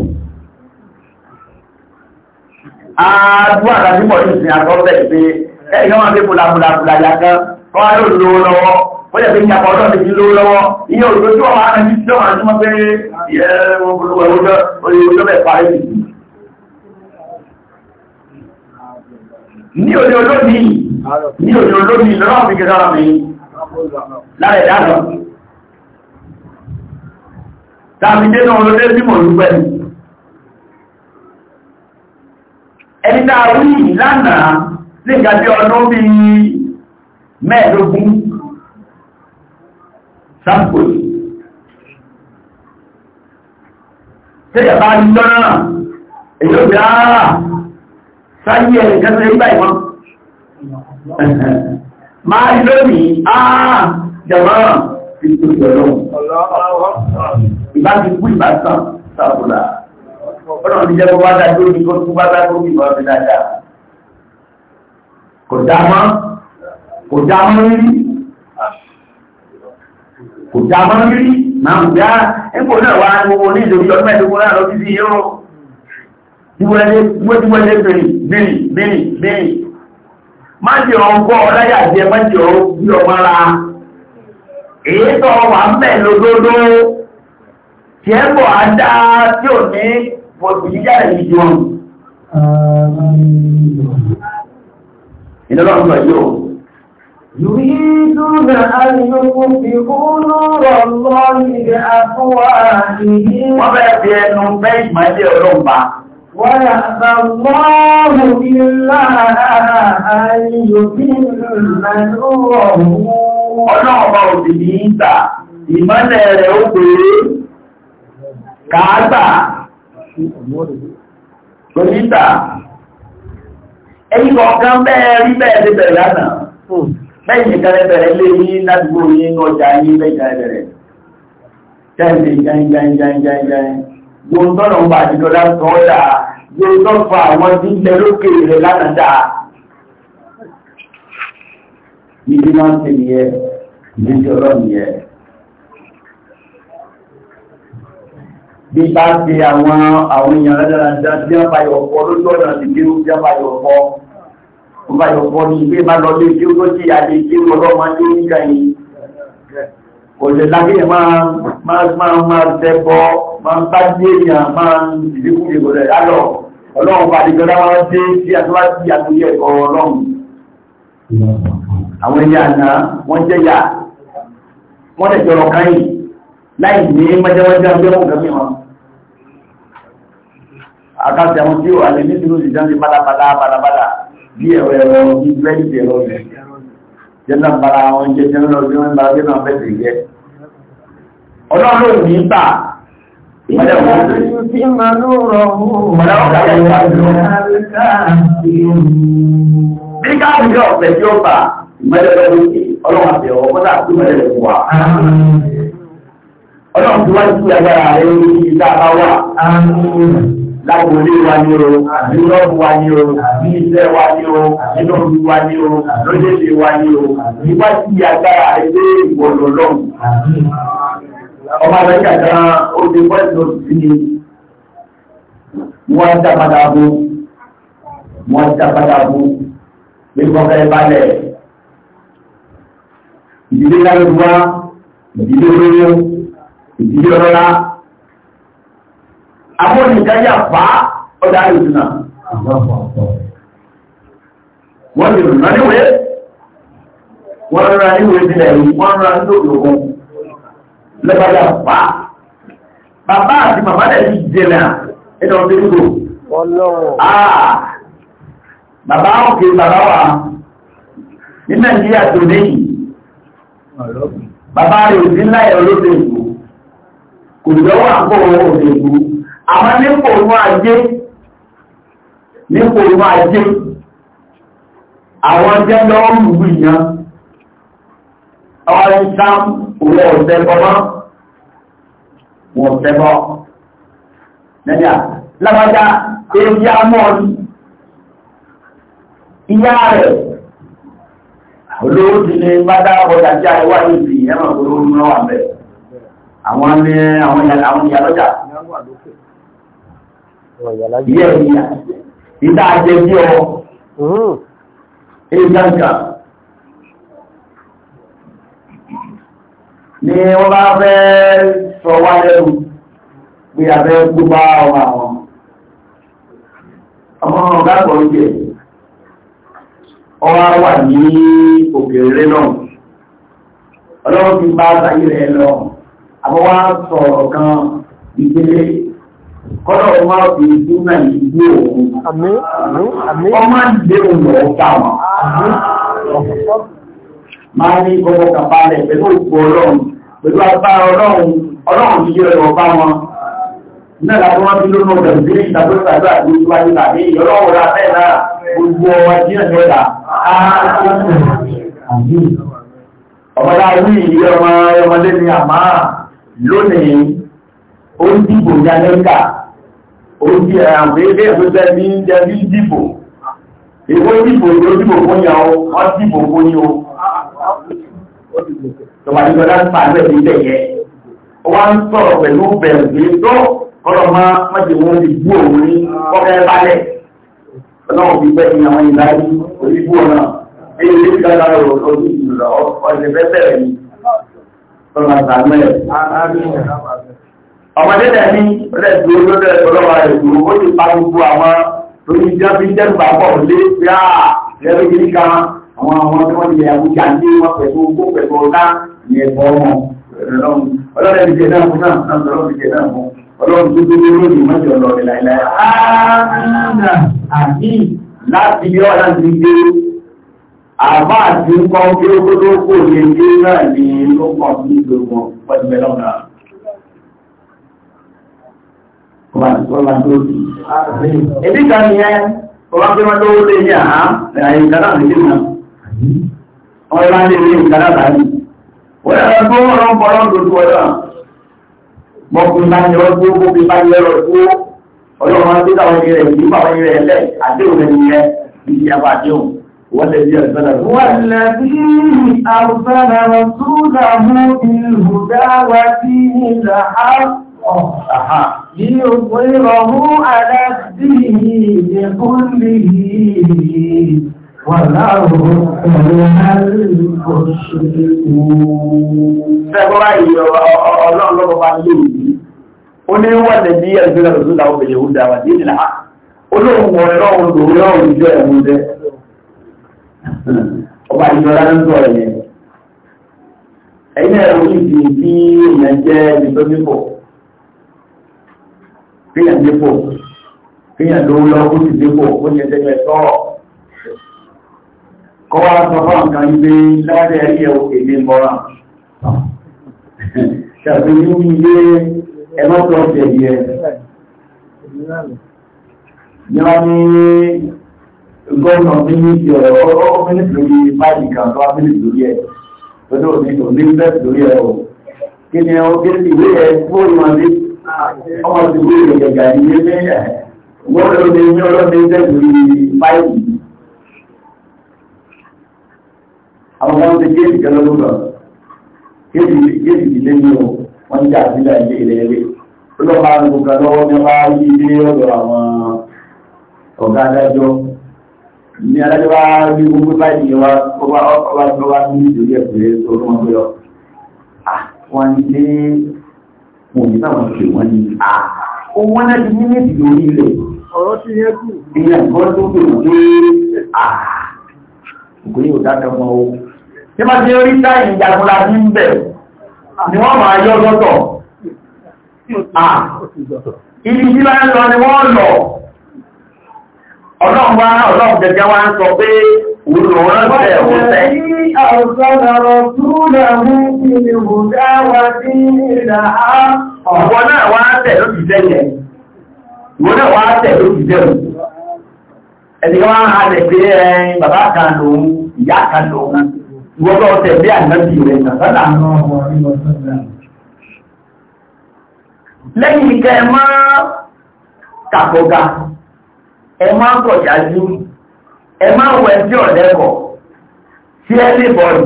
àádọ́ àtàkùn bọ̀ ní ìsìn àtọ́ bẹ̀rẹ̀ pé ẹ̀yìn náà wọ́n ti bùlàbùlàbùlà yà kan ó yẹ pé kí àpọ̀ ọ̀dọ́ ti lówó lọ́wọ́ iye òjò tí wọ́n máa ń tí wọ́n máa ń tí wọ́n pé yẹ wọ́n polówó ẹ̀wọ́jọ́ oye òjò bẹ̀ parí sí. ní òde olómi ní òde olómi lọ́wọ́ mi gẹ́gẹ́ ara mi lára ẹ̀dá lọ. tàbí dénú olóde sí mò ń sáàpòlì tẹ́yà bá ah, ní lọ́nà ah, èyí ò bí áà sáyé ẹ̀ kẹsẹ̀ ìgbà ìwọ̀n máa lónìí áà jẹ̀mọ́ ìtò ìjọ̀lọ́wọ̀n ìbá ti kú ìbá sàn sáàpòlà ọ̀nà ìjẹ́ kó bá dájú ní kó tún bá dájú kò dá mọ́ kò dá mọ́ rí kò já mọ́ rí máa ń gbá ipò náà wá gbogbo ní ìdòrí ọdún mẹ́ẹ̀dógún náà lọ sí sí yóò wọ́tíwọ́lé bìrì bìrì bìrì bìrì má jẹ́ ọgbọ́ ọláyà jẹ má jẹ́ ọgbí ọmọ ara èyí tó wà mẹ́ lódodo tí ẹ bọ̀ á dá tí ò ní fòtù jíjà ìjọ ìdọ́lọ́gbọ̀ yóò يريدون أن يطفئوا نور الله بأفواههم وبعد أنهم بيت ما يديرون بعض ويأبى الله إلا أن يتم نوره ọlọ́ọ̀bá òdì ní ìgbà ìmọ́lẹ̀ rẹ̀ ó pèrè kàátà pẹ̀lú ìgbà ẹ̀yìn kọ̀ọ̀kan bẹ́ẹ̀ rí bẹ́ẹ̀ lébẹ̀ lánàá bẹ́ẹ̀ nìkan bẹ̀rẹ̀ lé ní ládùúgbò yín ní ọjà yín bẹ́ẹ̀ bẹ̀rẹ̀ tẹ́ǹtì jẹ́ǹjẹ́ǹjẹ́ǹjẹ́ǹjẹ́ yóò tọ́nà ń bá àdìdọ́lá tọ́ dà yóò tọ́ fa àwọn tí ń lẹ lókè rẹ̀ lánàá dà níbi máa ń ṣe nìyẹn ìdíjọ́ ọ̀rọ̀ nìyẹn bí bá ṣe àwọn àwọn èèyàn ládàá wọ́n bá yọ fọ́ ní ilé má lọ lé tí ó tó tí adé tí ó lọ́ máa lé nígbà yìí kò lè lágbé máa tẹ́bọ́ máa bá dé èèyàn máa ìdíkù ìgbò rẹ̀ lálọ́ ọlọ́run bá dìgbọ́dá máa dé sí àtúwájú àtúnyẹ ẹ̀kọ́ ọlọ́run àwọn ẹ̀yà àná wọ́n jẹ́ yà wọ́n tẹ̀ jọrọ káyìn láì ní mọ́jẹ́mọ́jẹ́ ọjọ́ mọ́ nǹkan mìíràn bí ẹ̀rọ ẹ̀rọ bí bẹ́ẹ̀dì ẹ̀rọ rẹ̀ jẹ́nà bara wọn jẹ́ jẹ́nà lọ bí wọ́n bá gbé náà bẹ́ẹ̀ jẹ́ ọlọ́run ní bà Ọlọ́run tí wá ní kí agbára rẹ̀ ní ìdá bá wà. Àmín lágbòlé wa ní o nílọ́ọ̀bù wa ní o ní iṣẹ́ wa ní o nínú wa ní o lójèlé wa ní o nígbà tí agbára rẹ̀ ìwọ̀lọ̀ lọ́hùn. ọba rẹ̀ kàkà oṣù pẹ́ẹ́sì oṣù sí ni wọ́n dá padà bó wọ́n dá padà bó nípa ọ̀fẹ́ balẹ̀ ìdílé lálẹ́ wa ìdílé lóyún ìdílé ọlọ́lá àbónìkáyà bá ọ̀dá ìrìnà wọ́n lè rìnà níwé wọ́n rán níwé ìbílẹ̀ yìí wọ́n rán lórí ogun lẹ́bàdà bá bàbá àti màmá rẹ̀ ti jẹ́lẹ̀ ẹ̀nà ọdún ìgbò bàbá òkè bàbá wa ní nàìjíríà tó lẹ́yìn bàbá rẹ̀ òdínláyẹ̀ olóògbé ìgbò kò lọ́wọ́ àgbọ̀ òdínláyẹ̀ àmọ́ nípò inú ajé nípò inú ajé àwọn jẹ́ lọ́rùn ìyàn ọwọ́ ìta owó ọ̀tẹ́bọ́ mọ́ wọ́n tẹ́bọ́ lẹ́yà lábájá èyí amọ́ni ìyá rẹ̀ olówó ti ní bádá ọjà jẹ́ àríwá ìsì ẹ̀mọ̀ olówó ní wọ́n wà bẹ̀ àwọn ní àwọn ìyàlọ́jà yẹ ìyá ìdá ajẹ bí ọ hmm. ìdá nǹkan ni wọ́n bá fẹ́ sọ wá lẹ́rù pé abẹ́ tó bá ọmọ àwọn ọmọ ọ̀gá kan jẹ́ ọwá wà ní òkèèrè náà ọlọ́run ti bá sáyé rẹ̀ lọ àbọ̀wá sọ̀rọ̀ kan ìgbélé kọ́lọ̀ wọn wá fi ìdúnà ìlú òun ọmọ ìdè òun ọ̀gá wọn. máa ní gbogbo kàbálẹ̀ pẹ̀lú òkú ọlọ́run pẹ̀lú agbára ọlọ́run ọlọ́run yíyọ ẹ̀rọ bá wọn náà láti wọ́n bí lónà ọ̀dọ̀ ìdílé ìdàgbàsókè àgbà àti ìwájú tàbí ìyọlọ́wọ́ rà bẹ́ẹ̀ náà gbogbo ọmọ jíjẹ mẹ́ta ọmọdá wí ìyọmọ ọmọdé ni àmá lónìí ó ń dìbò ní Amẹ́ríkà orí àwọn ilé ìpínlẹ̀ ní jẹ́bí dìbò ìwé dìbò ìwé dìbò fún ìyàwó wọ́n dìbò fún ní o tọ́wà ní ọdá pàdé ìlẹ̀ yẹ wá ń sọ̀rọ̀ pẹ̀lú bẹ̀rẹ̀ tó kọ́rọ̀ máa mọ́jẹ wọn ti gbú òun ní ọkẹ́ balẹ̀ náà fi pẹ́ ní àwọn ìlàrí orígbó náà èyí lè fi dára rọ̀ lọ́dún ìlọ ọ̀sẹ̀ fẹ́ bẹ̀rẹ̀ ni tọ́lá sàmẹ́ẹ̀ ọmọdé náà ní rẹ̀ tí ó lọ́dọ̀ ọlọ́wà rẹ̀ tó ó ti pa gbogbo àwọn lórí jẹ́ fi jẹ́ gbà pọ̀ lé pé à ah, lẹ́rú kiri ká àwọn ọmọ tí wọ́n ti yẹ àwùjá ní wọn pẹ̀lú owó pẹ̀lú ọ̀la ní ẹ̀kọ́ ọmọ ọlọ́run ti jẹ náà fún náà ọlọ́run ti jẹ náà fún ọlọ́run tó tó lórí ìmọ̀jọ lọ rẹ̀ láìláì. àmì láti yọ láti gbé àbá àti nǹkan kí ó tó tó kò lè gbé náà ní ó kàn sí ìgbòho pẹ̀lú ẹlọ́run náà. Èdí kan ni ẹ́, ọba pé wọ́n tó ó lé ní àá, àyè ìkàdà lè dé náà. Wọ́n yẹ́ máa lè rí ìkàdà láàrín. Wọ́n yẹ́ tó rán bọ́rọ̀ lójú ọ̀dọ́. Mọ́kùnrin bá ní ọdún ó bí bá yẹ́rọ tó ọlọ́run á títà wọ́n yẹrẹ ìlú bá wọ́n yẹrẹ lè bí ẹ̀sọ́dà. Wọ́n ليظهره على الدين كله ولو كره المشركون. Sẹ́kọ̀rọ̀ yìí ọlọ́run lọ́kọ̀ bá lé yìí. Ó ní wọ́n lè bí ẹgbẹ́ rẹ̀ lọ́sọ́dá ó bèèrè ó dáwà dé nìlá. Olóhùn wọ̀ ẹ̀rọ òun lòun náà òun jọ ẹ̀hún jẹ́. Ọba ìjọra ń sọ ẹ̀yẹ. Ẹ̀yìn ẹ̀rọ yìí ti bí ìyẹn jẹ́ ìtọ́jú pọ̀ kéèyàn dépò kéèyàn ló lọ ó sì dépò ó ní ẹ̀dẹ́gbẹ̀ sọ́rọ̀ kọ́ wá sọ fún nǹkan ilé láàrẹ ẹ̀yẹ òkè ní mọ́ra ṣàbí ní ilé ẹmọ́tọ̀ ọ̀sẹ̀ yẹ ni wọ́n ní gọ́ọ̀nà mínísì ọ̀rọ̀ ó mínísì lórí máìlì kan tó wá mínísì lórí ẹ̀ tó ní òní lórí ẹ̀ kí ni ó kí ọmọ ti gbé ìgbẹ̀gà ìyé mẹ́yà wọ́n lọ ní ní ọlọ́dẹ ìdẹ́gbẹ̀rẹ̀ báyìí àwọn ọmọ ti kéèkì kẹlẹ́ ló lọ kéèkì kéèkì ilé ní o wọ́n ti àbílẹ̀ ilé ilẹ̀ ilé ó lọ máa ń gbogbo lọ́wọ́ ní ọba yí ilé ọ̀dọ̀ àwọn ọ̀gá adájọ́ ní adájọ́ bá rí gbogbo báyìí wa ọba ọba ní ìdílé ẹ̀ pé orúkọ wọn ah, ní kò ní báwọn ṣe wọ́n ní a òun náà ti ní méjì lórí rẹ̀ ọ̀rọ̀ ti yẹ kù ìyẹn kan tó pè wọ́n pé a kò ní òdájọ́ mọ́ o tí wọ́n ti rí táyì ìjàgbọ́n la ní bẹ̀ ni wọ́n máa yọ lọ́tọ̀ ibi tí bá ń lọ ni wọ́n lọ ọlọ́run wá ọlọ́run jẹjẹ wá ń sọ pé Olùránṣẹ́ òṣẹ́. Ọ̀pọ̀ náà wá tẹ̀ ló ti jẹ́ yẹn. Ìwọ náà wá tẹ̀ ló ti jẹ́ òun. Ẹni wá ń halẹ̀ pé ẹ bàbá kan lòun, ìyá kan lòun. Ìwọ bá ọ̀tẹ̀ bí ànábì rẹ̀ nàbàdà. Lẹ́yìn kẹ máa kàkọ̀gà, ẹ máa kọ̀jájú ẹ máa wọ ẹbí ọ̀lẹ́kọ̀ tí ẹ lè bọ̀lù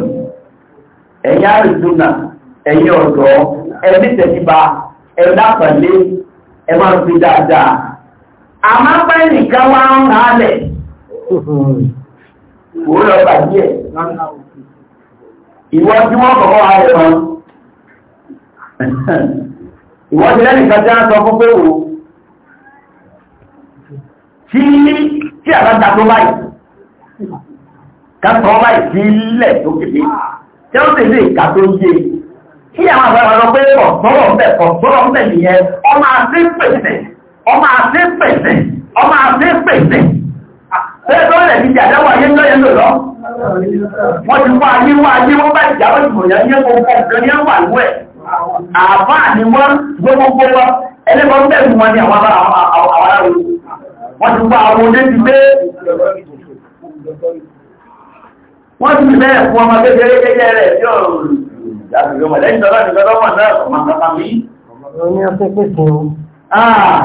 ẹ̀yìn àrìsúnà ẹ̀yìn ọ̀dọ́ ẹbí tẹ̀síba ẹ̀lápẹ̀lẹ́ ẹ máa fi dáadáa àmá pẹ́ nìkan wá ń hálẹ̀ kò lọ bàjí ẹ̀ ìwọ tí wọ́n kọ̀kọ́ hálẹ̀ wọn ìwọ tí lẹ́nìkan tí wọ́n sọ fún pé wò tí tí àbáta tó báyìí kátọ̀ ọba ìfilẹ̀ tó kéde tí ó tẹ̀lé ìka tó yé kí àwọn àgbàlagbà lọ pé kọ̀ gbọ́rọ̀ ń bẹ̀ kọ̀ gbọ́rọ̀ ń bẹ̀ nìyẹn ọmọ àti pèsè ọmọ àti pèsè ọmọ àti pèsè bẹ́ẹ̀ tó lẹ̀ níbi àdáwọ̀ ayé ńlọ wọ́n ti wá ayé wá ayé wọ́n bá ìjà wọ́n ti ní àwọn ará wọ́n ti bẹ́ẹ̀ fún ọmọ kékeré kékeré rẹ̀ tí ọ̀rọ̀ ìjàgbèrè ọmọ lẹ́yìn tọ́lá ní tọ́lá wọn náà ọmọ kàkà mí. Oní ọ̀sẹ̀ pèsè o. Ah,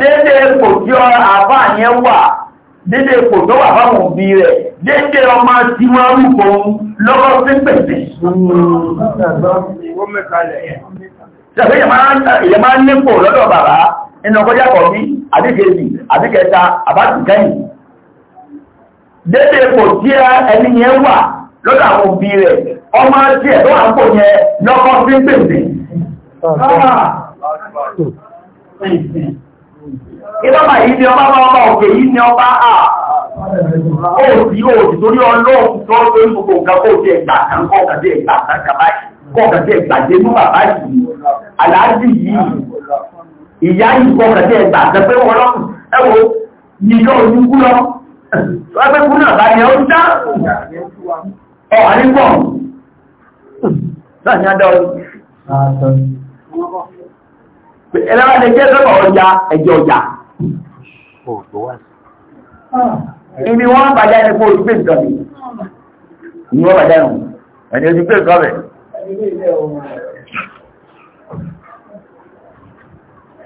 dédé ipò tí ọ àbá yẹn wà, dédé ipò tó wà fáwọn òbí rẹ̀, dédé ọmọ tí wọ́n rúkọ lọ́wọ́ sí pèsè. Ṣàfihàn ìyẹn máa ń nípò lọ́dọ̀ bàbá nínú ọkọjá kọ̀ọ̀bí, àbíkẹ́sì, àbíkẹta, àbátìkẹ́yìn dédé ipò tí ẹni yẹn wà lọ́dọ̀ àwọn òbí rẹ̀ ọmọ tí ẹ̀ tó wà ń pò yẹn lọ́kọ́ sí pèsè. ìlọ́mà yìí ni ọba ọba òkè yìí ni ọba à òòtì òòtì torí ọlọ́ọ̀kù tó ń torí gbogbo nǹkan kó ti ẹ̀gbà kan kọ́ kàdé ẹ̀gbà kan kàbáyì kọ́ kàdé ẹ̀gbà dé mú bàbá yìí aláàjì yìí ìyá yìí kọ́ kàdé ẹ̀gbà kan pé wọ́n lọ́kù ẹ̀wọ̀ nìkan òyìnbó lọ́kù Lọ́pẹ́ kú náà bá yẹ ó dá. Ọ̀ wà ní pọ̀. Náà ni a dá ọ. Ẹlẹ́wà lè jẹ́ sọ́pọ̀ ọjà ẹjọ ọjà. Ibi wọ́n bàjá ẹni kó olùgbé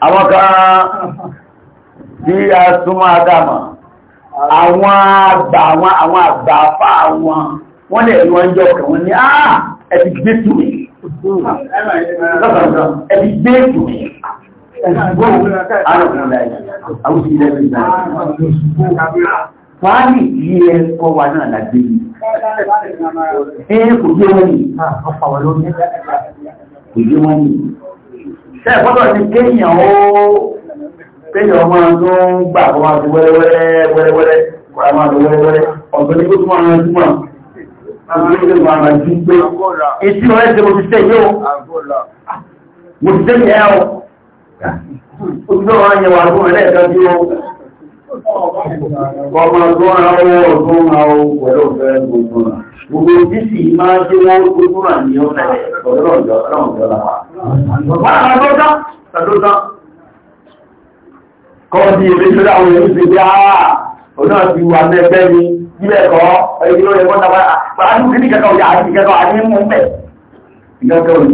Àwọn kan tí a súnmọ́ Adama àwọn àgbà àwọn àwọn àgbà afá àwọn wọ́n lè rí wọ́n jọ kẹwọ́n ní àà ah, ẹ̀bí gbé tù mí ẹ̀bí gbé tù mí Fáàlì yí ẹ kọ́ wa náà lágbé yìí. Ẹ kò yé wọ́n ni. Kò yé wọ́n ni. Ṣẹ́ ìfọ́dọ̀ ti kéèyàn ó Téèyàn ọmọ tó ń gbà kọ́ máa ti wẹ́rẹ́wẹ́rẹ́ wẹ́rẹ́wẹ́rẹ́ wà máa ti wẹ́rẹ́wẹ́rẹ́ ọ̀tọ̀ ní kó tún máa rántí mọ̀. Láti ní ìgbà máa ti gbé. Etí ọ̀rẹ́ ti mo ti tẹ̀ yóò. Mo ti tẹ̀ yẹ́ o. Ó ti tọ́ wọn yẹ wà fún ẹ̀rẹ́ ìtọ́ tí ó. Ọmọ tó ń ra owó ọ̀tún ra owó pẹ̀lú ọ̀fẹ́ gbogbo náà. Gbogbo tí sì máa ṣe wọ́n gbogbo náà ní ọ̀fẹ́ ọ̀dọ́ ọ̀dọ́ ọ̀dọ́ ọ̀dọ́ kọ́ọ̀dì èmi tó dáwọn èmi ti bí áà òun ti wà mẹ́gbẹ́ mi níbẹ̀ kọ́ ẹni ló yẹ kọ́ta wáyà ní kíní kẹ́kọ̀ọ́ yà á ti kẹ́kọ̀ọ́ àti mú mẹ́ ìkẹ́kọ̀ọ́ tó dá wọ́n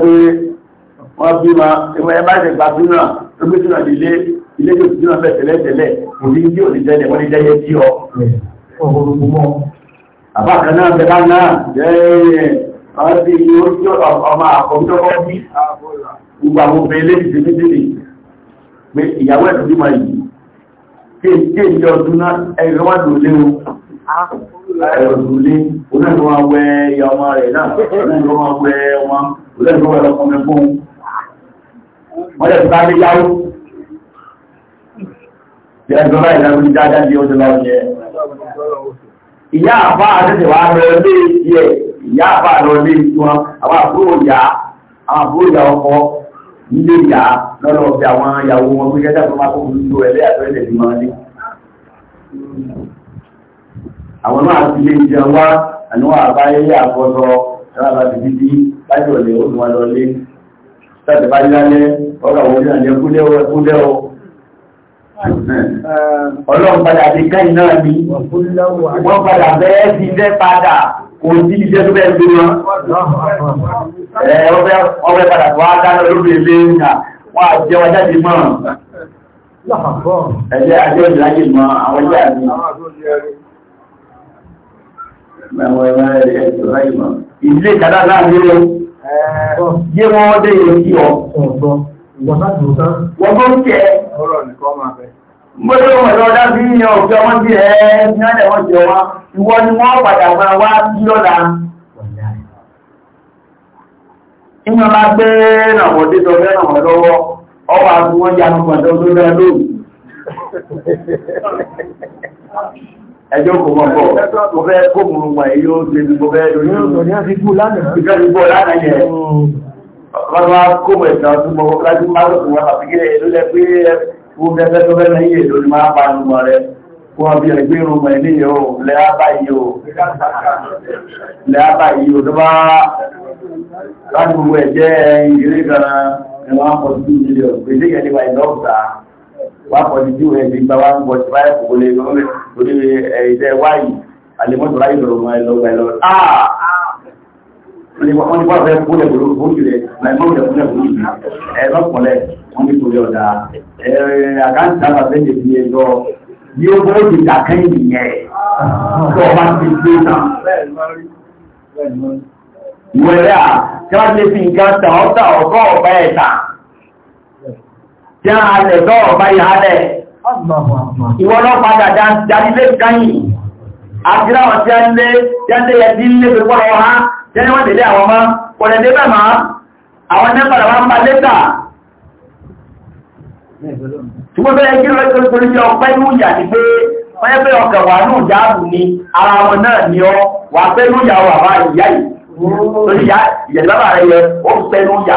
bí ma ẹgbẹ́ ẹgbẹ́ ìgbàgbínà gbé sínú àbí ilé ilé tó sínú abẹ́ tẹ́lẹ̀ tẹ́lẹ̀ kò ní tí ò ní jẹ́ wọ́n ní jẹ́ yẹ tí ọ. Àbá kan náà bẹ̀rẹ̀ náà jẹ́ àwọn tí ó tí ọmọ àkọ́mítọ́kọ́ bí gbogbo àwọn obìnrin lé ti fi sílẹ̀ pé ìyàwó ẹ̀dùn bí máa yìí kí èké ìjọ ọdún náà ẹ̀rọ wà lò léwu ẹ̀rọ lò lé onáìlú wa wẹ ìyá ọmọ rẹ̀ náà onáìlú wa wẹ ọmọ onáìlú wa lọ́kọ́ mẹ́fún wọ́n yẹ̀ bá lé yáwó ìrẹ́gbọ́n báyìí lọ́wọ́ ní dáadáa di oṣù lọ́wọ́ yẹ ìyá àbá àtẹ́tẹ̀ wà lọ lé yẹ ìyá àbá lọ lé wọn àwọn àbúrò yá àwọn àbúrò yá ọkọ nílé yá lọ́lọ́ ọ̀bẹ àwọn ìyàwó wọn pé kẹ́kẹ́ tó máa kó fún ìlú ẹ̀lẹ́ àtọ́lẹ̀ bí máa lé àwọn náà ti lè jẹun wá àníwọ̀n àbáyé àkọ́sọ ẹ̀rọ àbájáde bíbí lájọ̀lẹ̀ ó láti bá lálẹ́ ọ̀rọ̀ òun náà yẹ kúlẹ̀ ọ ọlọ́run padà ti ká iná ní wọ́n padà bẹ́ẹ̀ ti jẹ́ padà kò sí iṣẹ́ tó bẹ́ẹ̀ gbé wọn ọbẹ̀ padà tó á dáná lóbi ilé ìrìnà wọ́n á jẹ́ wọ́n jáde mọ́ ẹ̀jẹ̀ àjọ yé wọn dé ilé kí ọ. wọ́n tó ń kẹ́ mo ló wọ̀ ní wọn bí ẹ ní ọ̀dẹ̀ wọn jẹ wá ìwọ ni wọ́n padà wá sí lọ́la. máa gbé lọ́wọ́ ọwọ́ ẹjọ́ kò mọ̀ bọ̀ mo fẹ́ kó mu wà yìí ó ṣe mo fẹ́ lórí. ìgbà tí mo bọ̀ lánàá yẹn wọ́n máa kó mọ̀ ìgbà tí mo bọ̀ láti máa lọ́kùn wọn àti kílẹ̀ èlò lẹ pé mo fẹ́ fẹ́ tó fẹ́ náà yìí èlò ni máa bá nu mọ̀ rẹ kó wọn bí ẹgbẹ́ irun mọ̀ ẹni yìí ó lẹ́ àbá yìí ó lẹ́ àbá yìí ó tó bá láti gbogbo ẹ̀jẹ̀ ìrírí kan ni wọ́n á pọ̀ sí mílíọ̀nù gbèsè yẹn ni wà ìlọ́ọ̀ta wá ní bí wọ́n ẹ̀bí gbá wá ń bọ̀ síwáyé kòkó lè lọ rẹ̀ lórí ẹ̀ẹ́dẹ́ wáyì àlèmọ́tò ráyè lọ́rọ̀ mọ́ ẹlọ́gbà ẹlọ́rọ̀ bí ó bó ti dàkẹ́ ìyẹn tó ọba ti gbé náà. ìwẹ̀rẹ̀ à kí wọ́n ti fi nǹkan tàn ọ́ tàn ọ̀gọ́ ọ̀bá ẹ̀ta já alẹ̀ tọ́ ọ̀bá ìhálẹ̀ ìwọ náà padà jáde káyìn àtìláwọ̀ tí a ń lé jáde ẹ̀dí lé pẹ̀pọ̀ lọ ha jẹ́ níwọ̀n tẹ̀lé àwọn ọmọ pọ̀lẹ̀ dé bẹ̀ máa àwọn nẹ́pàdà wá ń bá lẹ́tà tí wọ́n fẹ́ kí lọ́jọ́ torí bí ọpẹ́ inú ìyà ni pé wọ́n yẹ́ pé ọkàn wà ní ìjáàbù ni ara wọn náà ni ọ wà pẹ́ inú ìyà wà bá ìyá yìí torí ìyà ìyà ìlábà rẹ̀ yẹ ó pẹ́ inú ìyà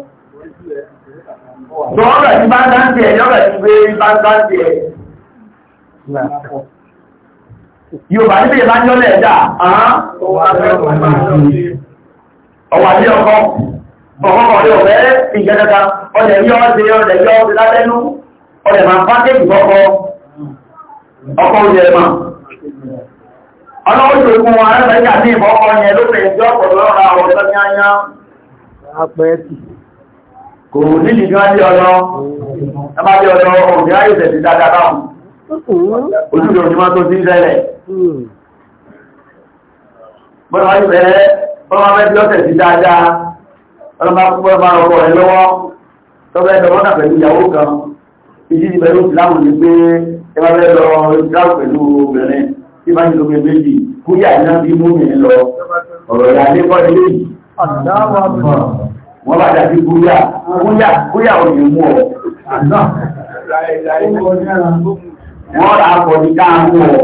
Lọ́rọ̀ níbi ìbájọ́lẹ̀ ẹ̀dà, àán, ọwà ní ọkọ̀, ọkọ̀ ọ̀rẹ́ ọ̀fẹ́ ìjẹ́dẹ́ta, ọdẹ̀ yọ́ ọdẹ̀ yọ́ ọdẹ̀ yọ́ ọdẹ̀ lábẹ́nú, ọdẹ̀ máa pákéjì kọ́kọ́, ọkọ̀ oúnjẹ mà. Ọlọ́wọ́ kò níbi kí wọ́n jẹ́ ọ̀dọ́ ẹmá jẹ́ ọ̀dọ́ òmìnira yóò tẹ̀sí dáadáa báwọn ojúlé òjúmọ́ tó sí ìrẹ́lẹ̀ bọ́n wáyé bẹ̀rẹ̀ bọ́n wá mẹ́bí ọ̀tẹ̀ sí dáadáa ọlọ́mà púpọ̀ máa rọ̀rọ̀ ẹ̀ lọ́wọ́ tọ́bẹ̀ ẹ̀dọ̀ wọ́n pẹ̀lú ìyàwó kan ìdí ti pẹ̀lú ìsìláàmù ní pé ẹ máa fẹ́ lọ ìsìláàmù pẹ̀lú obìnrin tí máa ń lo méjì kúyà iná bí mú wọ́n bá dàbí bóyá bóyá bóyá ò ní mú ọ. wọ́n rà pọ̀ ní ká mú ọ.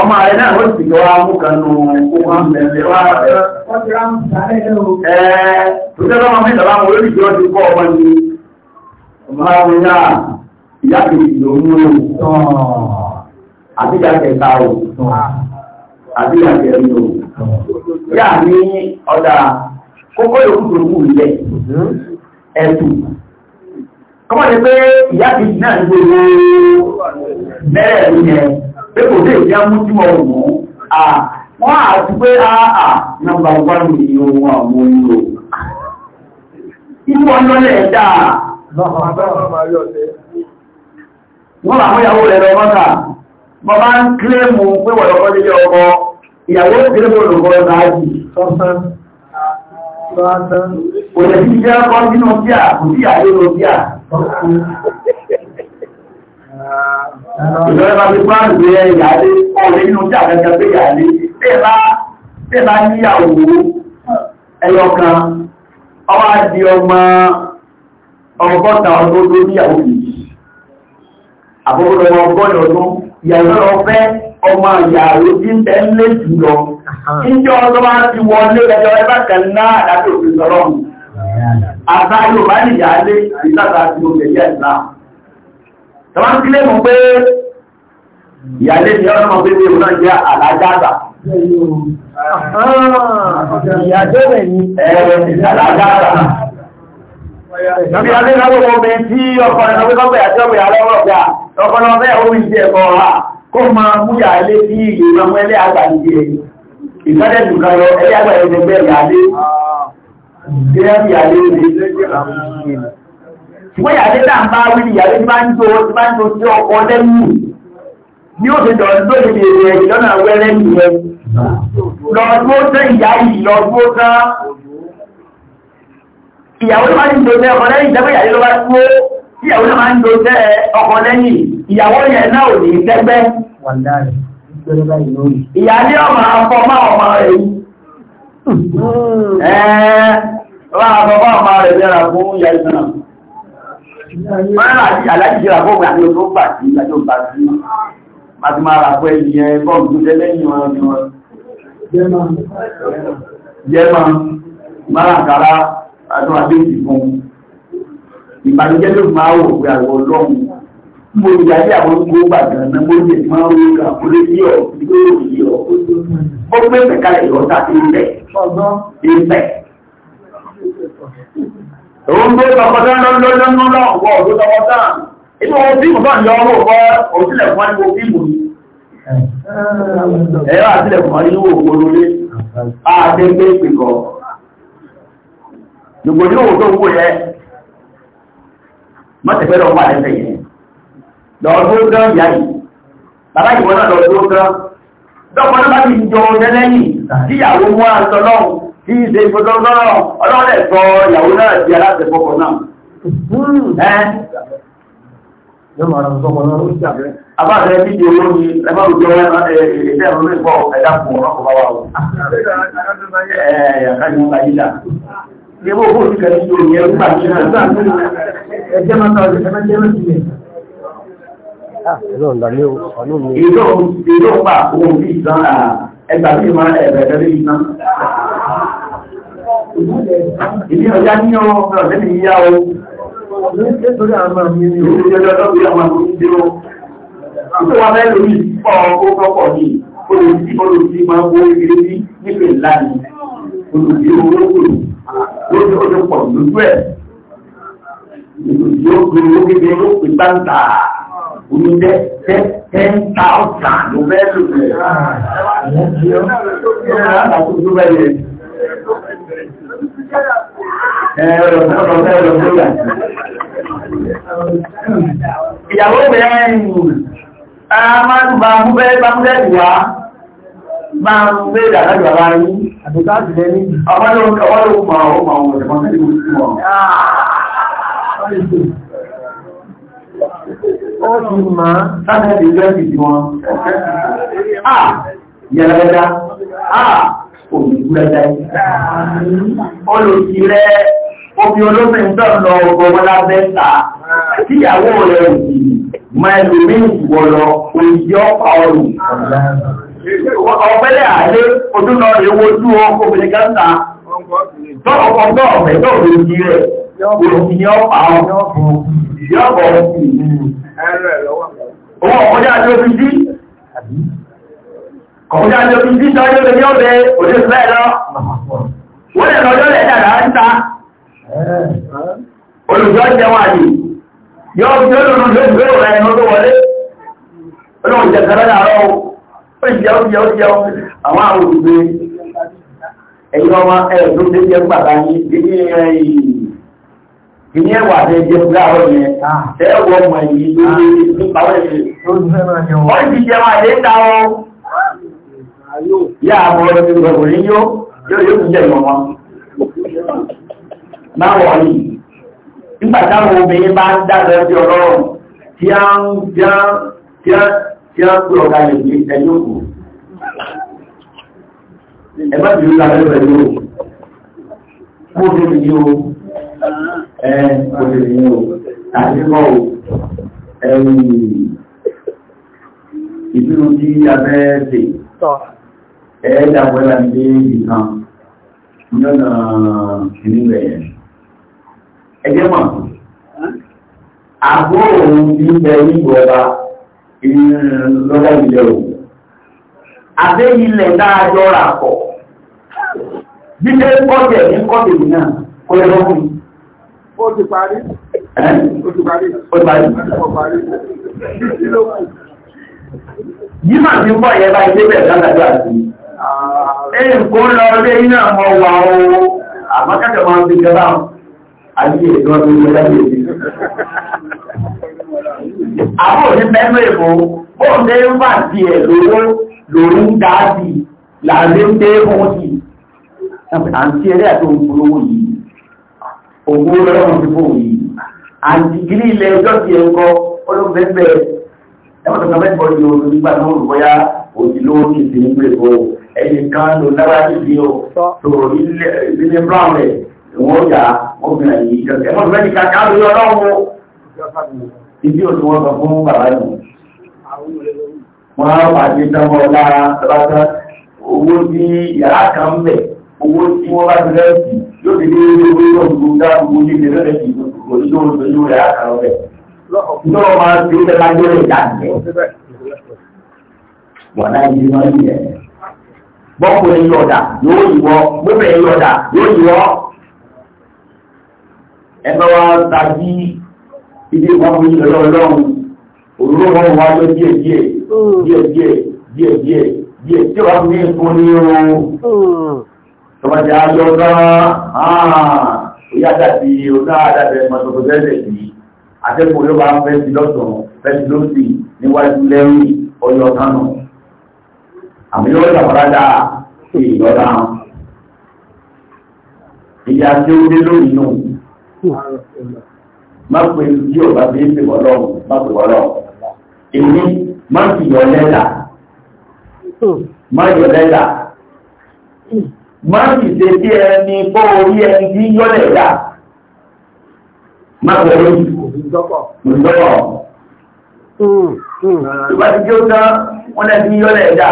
ọmọ rẹ̀ náà ó sì lọ́wọ́ amúkanú ọmọ mẹ́rin wá rẹ̀. ẹ̀ẹ́ tó tẹ́lọ́ máa mẹ́ta bá wọn olóríṣi ọdún kọ́ ọmọ ni ọmọ ìyá ìyá kejì mú ọ. àbíjà kẹta o àbíjà kẹrin o. yà ní ọ̀dà kókó ìròkútòkú ilẹ̀ ẹ̀tù kọ́mọ̀ ní pé ìyá ti náà ń gbogbo mẹ́rẹ̀ ní ẹ pé kò dé ìyá mú tí wọ́n ma làwọn ìyàwó rẹ̀ lọ mọ́ta ń mú pé wọ̀lọ́kọ́ ìyàwó ìgbẹ́gbẹ́ olùkọ́ láàájì sọ́sán kò lè fi jẹ́ ọkọ̀ nínú bí à kò sí àyè lọ bí à ìjọba bá fi pàánù pé ìyàlé ọ̀rẹ́ nínú bí àgẹ́gẹ́ pé ìyàlé tẹ́ bá níyàwó ẹyọ kan ọwá di ọmọ ọgọ́ta ọdún tó níyàwó kìí àbúrò ọgọ́rin ọdún ìyàwó lọ fẹ́ ọmọ ìyàwó tí ń tẹ́ lé jùlọ níjọ́ ọjọ́ máa ti wọlé ẹjọ́ ẹbá kan náà láti òfin sọ́rọ̀ àbá yóò bá nìyà lé ìtàkà tí ó lèyẹ ìlà tọ́wá ń kílé mú pé ìyàlé ni ọlọ́mọ pé bí òun náà jẹ́ àlájáàbà ìyàjọ́ rẹ̀ ni ẹ̀rẹ̀ àlájáàbà Nàbí alé náwó ọmọ ẹni tí ọkọ̀ ẹ̀nà wíkọ́ pẹ̀ àti ọmọ ìyàlọ́wọ́ ọ̀gá, ọkọ̀ lọ bẹ́ẹ̀ ó ń jẹ́ kó máa múyà ilé sí ìlú ọmọ ẹlẹ́ àgbàlejò ẹ̀ ìgbádẹ́dù kan lọ ẹlẹ́ àgbàlejò ẹgbẹ́ ìyáálé gẹ́gẹ́ bí ìyáálé rẹ̀ ṣùgbọ́n ìyáálé náà bá wí ní ìyáálé máa ń tó ti máa ń tó sí ọkọ lẹ́yìn ní ó ti dọ̀rọ̀ tó ti bèèrè ẹ̀ lọ́nà wẹ́rẹ́ nìyẹn lọ tó tẹ́ ìyá yìí lọ tó tán ìyàwó ló bá ń tó tẹ́ ọkọ lẹ́yìn ìjẹ́pẹ́ ìyáálé ló bá tó tí ẹ̀wọ́n náà máa ń lo jẹ́ ọkọ lẹ́yìn ìyàwó yẹn náà ò ní tẹ́gbẹ́. ìyáálé ọmọ afọ máa ọmọ rẹ̀ yìí. Hmm. ẹ̀ẹ́ wọ́n afọ máa ọmọ rẹ̀ bẹ̀rẹ̀ fún ìyáálé náà. wọ́n rà sí aláàjì rà fún ìyáálé tó gbà sí ìyájọ́ gbà sí. màtí máa rà fún ẹyìn ẹ bọ́ọ̀lù jẹ́ lẹ́yìn wọn ni wọn. jẹ́mọ̀ máa kàrá àtúwádé ìfún ìbànújẹ́ ló máa wò pé àwọn ọlọ́run mo ìyá sí àwọn tó gbà gan náà mo lè máa ń ronú àwọn olóyè ọ̀ tó yẹ ọ̀ ó gbé ìfẹ̀ka ìrọ̀ ta sí ilẹ̀ ìfẹ̀. òun gbé tọkọtà lọ́lọ́lọ́nú náà wọ ọ̀dọ́ tọkọtà inú ohun tí mo bá ń yọ ọwọ́ wọ òsílẹ̀ mọ́tẹ̀fẹ́ lọ wà lẹ́sẹ̀ yìí lọ tó dán ìyá yìí bàbá ìwọ náà lọ tó dán dọ́pọ̀ náà bá ti jọ lẹ́lẹ́yìn tí ìyàwó mú àṣọ náà tí í ṣe ìfọdọ́ náà ọlọ́lẹ̀ sọ ìyàwó náà di aláṣẹ fọkọ náà. Gbogbo owó ti kẹ̀lú ìlú ìyẹn ń gbà ní àgbà ẹjẹ́ máa ta ọ̀sẹ̀ ẹgbẹ́ jẹ́ lọ́sí rẹ̀. Ìjọ́ pa òun bí ìtàn ẹgbà tí máa ẹ̀bẹ̀rẹ̀ lórí ìtàn. Ìdí ọjá ní ọmọ o. Nítorí àwọn ọmọ mi ni òun jẹ́ lọ́dọ́ bí àwọn àmì o. Àwọn ọmọ ẹlòmí pọ̀ ó pọ̀ ní olùsí olùsí máa ń wó ìrírí nípìn láàrin olùsí owó kòrò lórí ọjọ́ pọ̀ lójú ẹ̀ yóò gbé owó kékeré ló pè gbáǹtà omi jẹ́ ten thousand ló bẹ́ẹ̀ lò rẹ̀ ìyàwó mẹ́rin a máa ń bá mú bẹ́ẹ̀ bá bá ń pé ìdàgbàjọ ara yín àbíká ti lẹ́ ní ọmọdé ọwọ́lò ma ọmọ ọmọ ọmọ ọmọ ọmọ ó ti ma sáfẹ́ ìjọ ìdí wọn àà yẹ̀lẹ́dá àà òmìnirẹ́dá olùsí rẹ̀ obi olófin tọ́ lọ ọgbọ̀n lábẹ́ ta tíyàwó rẹ̀ òsì mọ́ ẹlòmí ìwọ̀lọ̀ òyìnbí ọ̀pá ọrùn ọ̀pẹ́lẹ̀ àlé ojúlọ ewo ojú ọkọ̀ obìnrin gáńtà tọ́ọ̀kọ̀ tọ́ọ̀fẹ́ tọ́ọ̀fẹ́ ìdí rẹ̀ òyìn ó jẹ́ ó jẹ́ ó jẹ́ àwọn àwọn òṣèré ẹ̀yìn ọmọ ẹ̀ẹ̀dún tó jẹ́ pàtà ní ilé ẹ̀yìn ìní ẹ̀wà tẹ́ jẹ́ fúláwọ̀ yẹn tẹ́ẹ̀wọ̀ ah. ọmọ ẹ̀yìn lórí pípàwọ̀ ẹ̀yìn ó ti jẹ́ máa lé ta ọ́ yá àwọn ọmọ ẹ̀yìn gbogbo ní yó yóò yóò jẹ́ ìwọ̀n máa wọ̀ ní nígbà táwọn obìnrin bá ń dàgbẹ́ sí ọlọ́run tí a ń tí wọ́n pè ọ̀gá lè ní ẹjọ́ kù. Ẹ bá ti rí ra lẹ́rọ ẹ̀yọ́ o. Mo ṣe lè yí o. Ẹ mo ṣe lè yí o. kọ́ o. Ìbínú tí a fẹ́ ṣe. Ẹ dàpọ̀ ẹ̀rọ ní ìkan. Ní ọ̀nà ìníwẹ̀ yẹn. Ẹ jẹ́ mọ̀. Àbúrò ti ń bẹ ní ìgbọ̀ ọba lọ́wọ́ ilẹ̀ o. Àbẹ́ ilẹ̀ dáadọ́ rà pọ̀. Bíbẹ́ kọ́jẹ̀ ní kọ́jẹ̀ mi náà, kó lè lọ́wọ́ mi. Ó ti parí. Ó ti parí. Ó ti parí. Ó parí. Yíma ti pọ̀ yẹ bá ilé bẹ̀rẹ̀ lálàjọ́ àti. Ah. Ẹ kó lọ lé iná mọ wà o. Àmọ́ kẹ́kẹ́ máa ń fi jẹ́ báwọn. Àyè ìdánwò ìgbẹ́lẹ́ àwọn òní mẹ́nu èbò bóun lè ń bà sí ẹ̀ lówó lòun ń dá sí làálé ń dé fún sí à ń tí ẹlẹ́ àti ohun polówó yìí òun lọ́rọ̀ ti fóun yìí àti gírí ilẹ̀ ọjọ́ ti ẹ̀ ń kọ́ ọlọ́gbẹ́gbẹ́ mẹ́tọ́ ni o nígbà náà olùkọ́yá òjìlówó ti ti ń gbé o ẹnìkan ló lára nídìí o tó ilé brown rẹ̀ wọ́n yà wọ́n fi ibi òtún wọ́n sọ fún bàbá nù. Wọ́n á pàdé sọ́mọ lára tọ́látọ́ owó tí yàrá kan ń bẹ̀, owó tí wọ́n bá ti rẹ́ẹ̀sì yóò ti dé owó yóò ń gbúgbá gbogbo ní ilé rẹ́ẹ̀sì oníṣòwò tó yóò yàrá kan lọ bẹ̀. Lọ́wọ́ máa ń fi ilẹ̀ lájọ́ rẹ̀ dàgbẹ́. Wọ̀nà yìí máa ń yẹ. Bọ́kùnrin yọ̀dà yóò ibi wọn fi ṣẹlẹ̀ ọlọ́run òróró wọn wá lọ díẹ̀ díẹ̀ hmm. díẹ̀ díẹ̀ díẹ̀ díẹ̀ díẹ̀ tí wọn fi fún ní ooo hmm. tọmọdé ayọ̀ náà ìyá dàbí ọ̀nà àdàbẹ mọ̀tòkò tẹ́lẹ̀ sí akẹ́kọ̀ọ́ yóò bá ń fẹ́ sí lọ́sàn fẹ́ sí lọ́sì níwájú lẹ́rìn ọyọ kánò àmì yóò dàbọ̀dájà sí tí ó dé lónìí nù. Hmm má pè tí ò bá fi ń pè wọ́lọ́ má pè wọ́lọ́ èmi má fi yọ lẹ́tà má yọ lẹ́tà má fi ṣe bí ẹni bọ́ orí ẹni tí yọ lẹ́tà má pè orí òṣìṣọ́pọ̀ tó bá ti jẹ́ ó tán wọ́n lẹ́ fi yọ lẹ́tà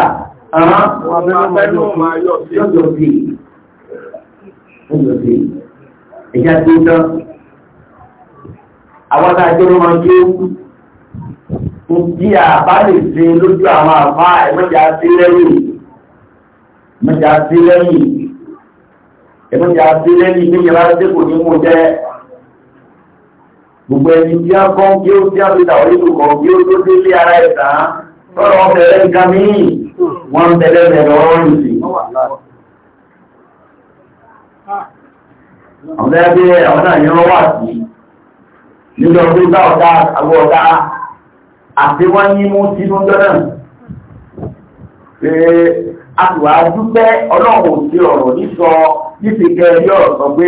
àwọn abẹ́lú máa yọ sí ọjọ́ sí ẹjá tó tán àwọn àjẹ́rọ máa kí ó tí a bá lè ṣe lójú àwọn àfá ẹ̀mọ́jà sí lẹ́yìn ẹ̀mọ́jà sí lẹ́yìn ẹ̀mọ́jà sí lẹ́yìn ní ìyàrá tí kò ní mú jẹ́ gbogbo ẹni tí a kọ́ kí ó tí a fi tàwọn ìlú kọ̀ kí ó tó dé lé ara ẹ̀ta lọ́rọ̀ ọ̀bẹ̀rẹ̀ àwọn ẹgbẹ́ àwọn náà wà sí nílò pé bá ọ̀dá àwọn ọ̀dá àti wọ́n ní mú sínú jọ́nà pé a ti wà dúpẹ́ ọlọ́run ti ọ̀rọ̀ nísọ nípìnkẹ́ yọ̀ sọ pé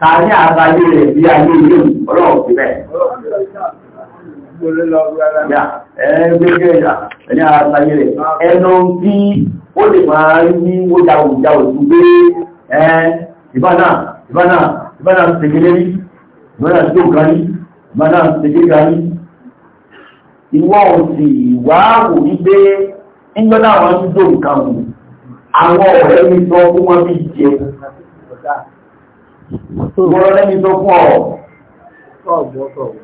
ta ní àbáyé rẹ̀ bí ayé ilé ọlọ́run ti bẹ̀. Ẹnu tí ó lè máa ní wójáwòjá òtú pé ẹ ìbánà ìbánà ìbánà tẹ̀gẹ́lẹ́rí ìbánà tí ó kárí mọ́nà ṣègbéga yìí ìwọ́ òsì ìwáàwò wípé ńgbọ́nà àwọn ń dò nǹkan wù àwọn ọ̀rẹ́ mi sọ fún wọn bí jẹ ìwọ́n lẹ́mi sọ fún ọ̀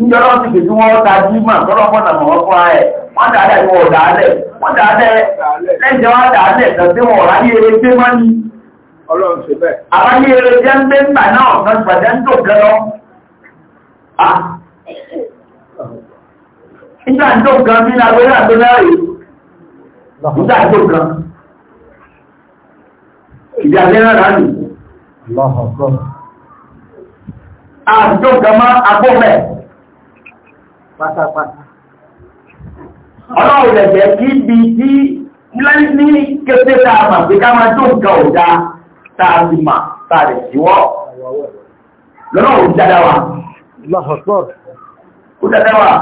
ńjọ́ lọ́sì pé tí wọ́n ta jímà tọ́lọ́pọ̀nà mọ̀ ọ́kọ́ ẹ̀ wọ́n dáadáa ìwọ̀ ọ̀dáálẹ̀ wọ́n dáadáa lẹ́jẹ̀ wọ́n dáadáa tàbí wọ́n ráyé eré gbé mọ́ ní ọlọ́run ṣe bẹ́ẹ̀ àráyé eré jẹ́ ń gbé ń gbà náà ọ̀sán gbàjẹ́ ń tò gẹ́lọ́ ah, nígbà tó nǹkan bí lágbẹ́lá tó láàyè nígbà tó nǹkan ìdí àjẹ́rẹ́ rà nì àjọ gama agbóhẹ̀ pátápátá ọlọ́run lẹ̀jẹ̀ kí bí tí ní kété táa mà pé ká máa tó nǹkan ọ̀dá táa ti mà síwọ́ lọ́nà òun ó dáadáa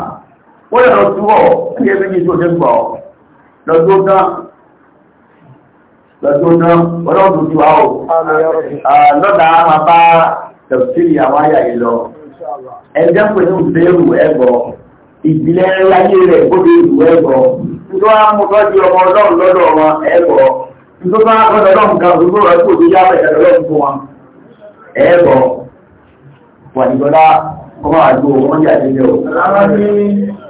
wọ́n yẹ̀ lọ túbọ̀ ní ẹbí ní tó dẹ́gbọ̀ lọ́jọ́ náà lọ́jọ́ náà ọlọ́dún tí wà ó lọ́dà àmà bá tẹ̀sílì àwọn àyà yìí lọ ẹjẹ́ pẹ̀lú ìbẹ̀rù ẹgbọ̀ ìbílẹ̀ ayé rẹ̀ gbọ́dọ̀ ìlú ẹgbọ̀ tó á mú tọ́jú ọmọ ọlọ́run lọ́dọ̀ wọn ẹgbọ̀ tó bá gbọ́dọ̀ ọlọ́run kan gbogbo rẹ̀ kò tó yá bẹ̀rẹ̀ ọlọ́run fún wọn ẹgbọ̀ wà nígbọ́dá kọ́mọ́ àjò wọn jáde lẹ́wọ̀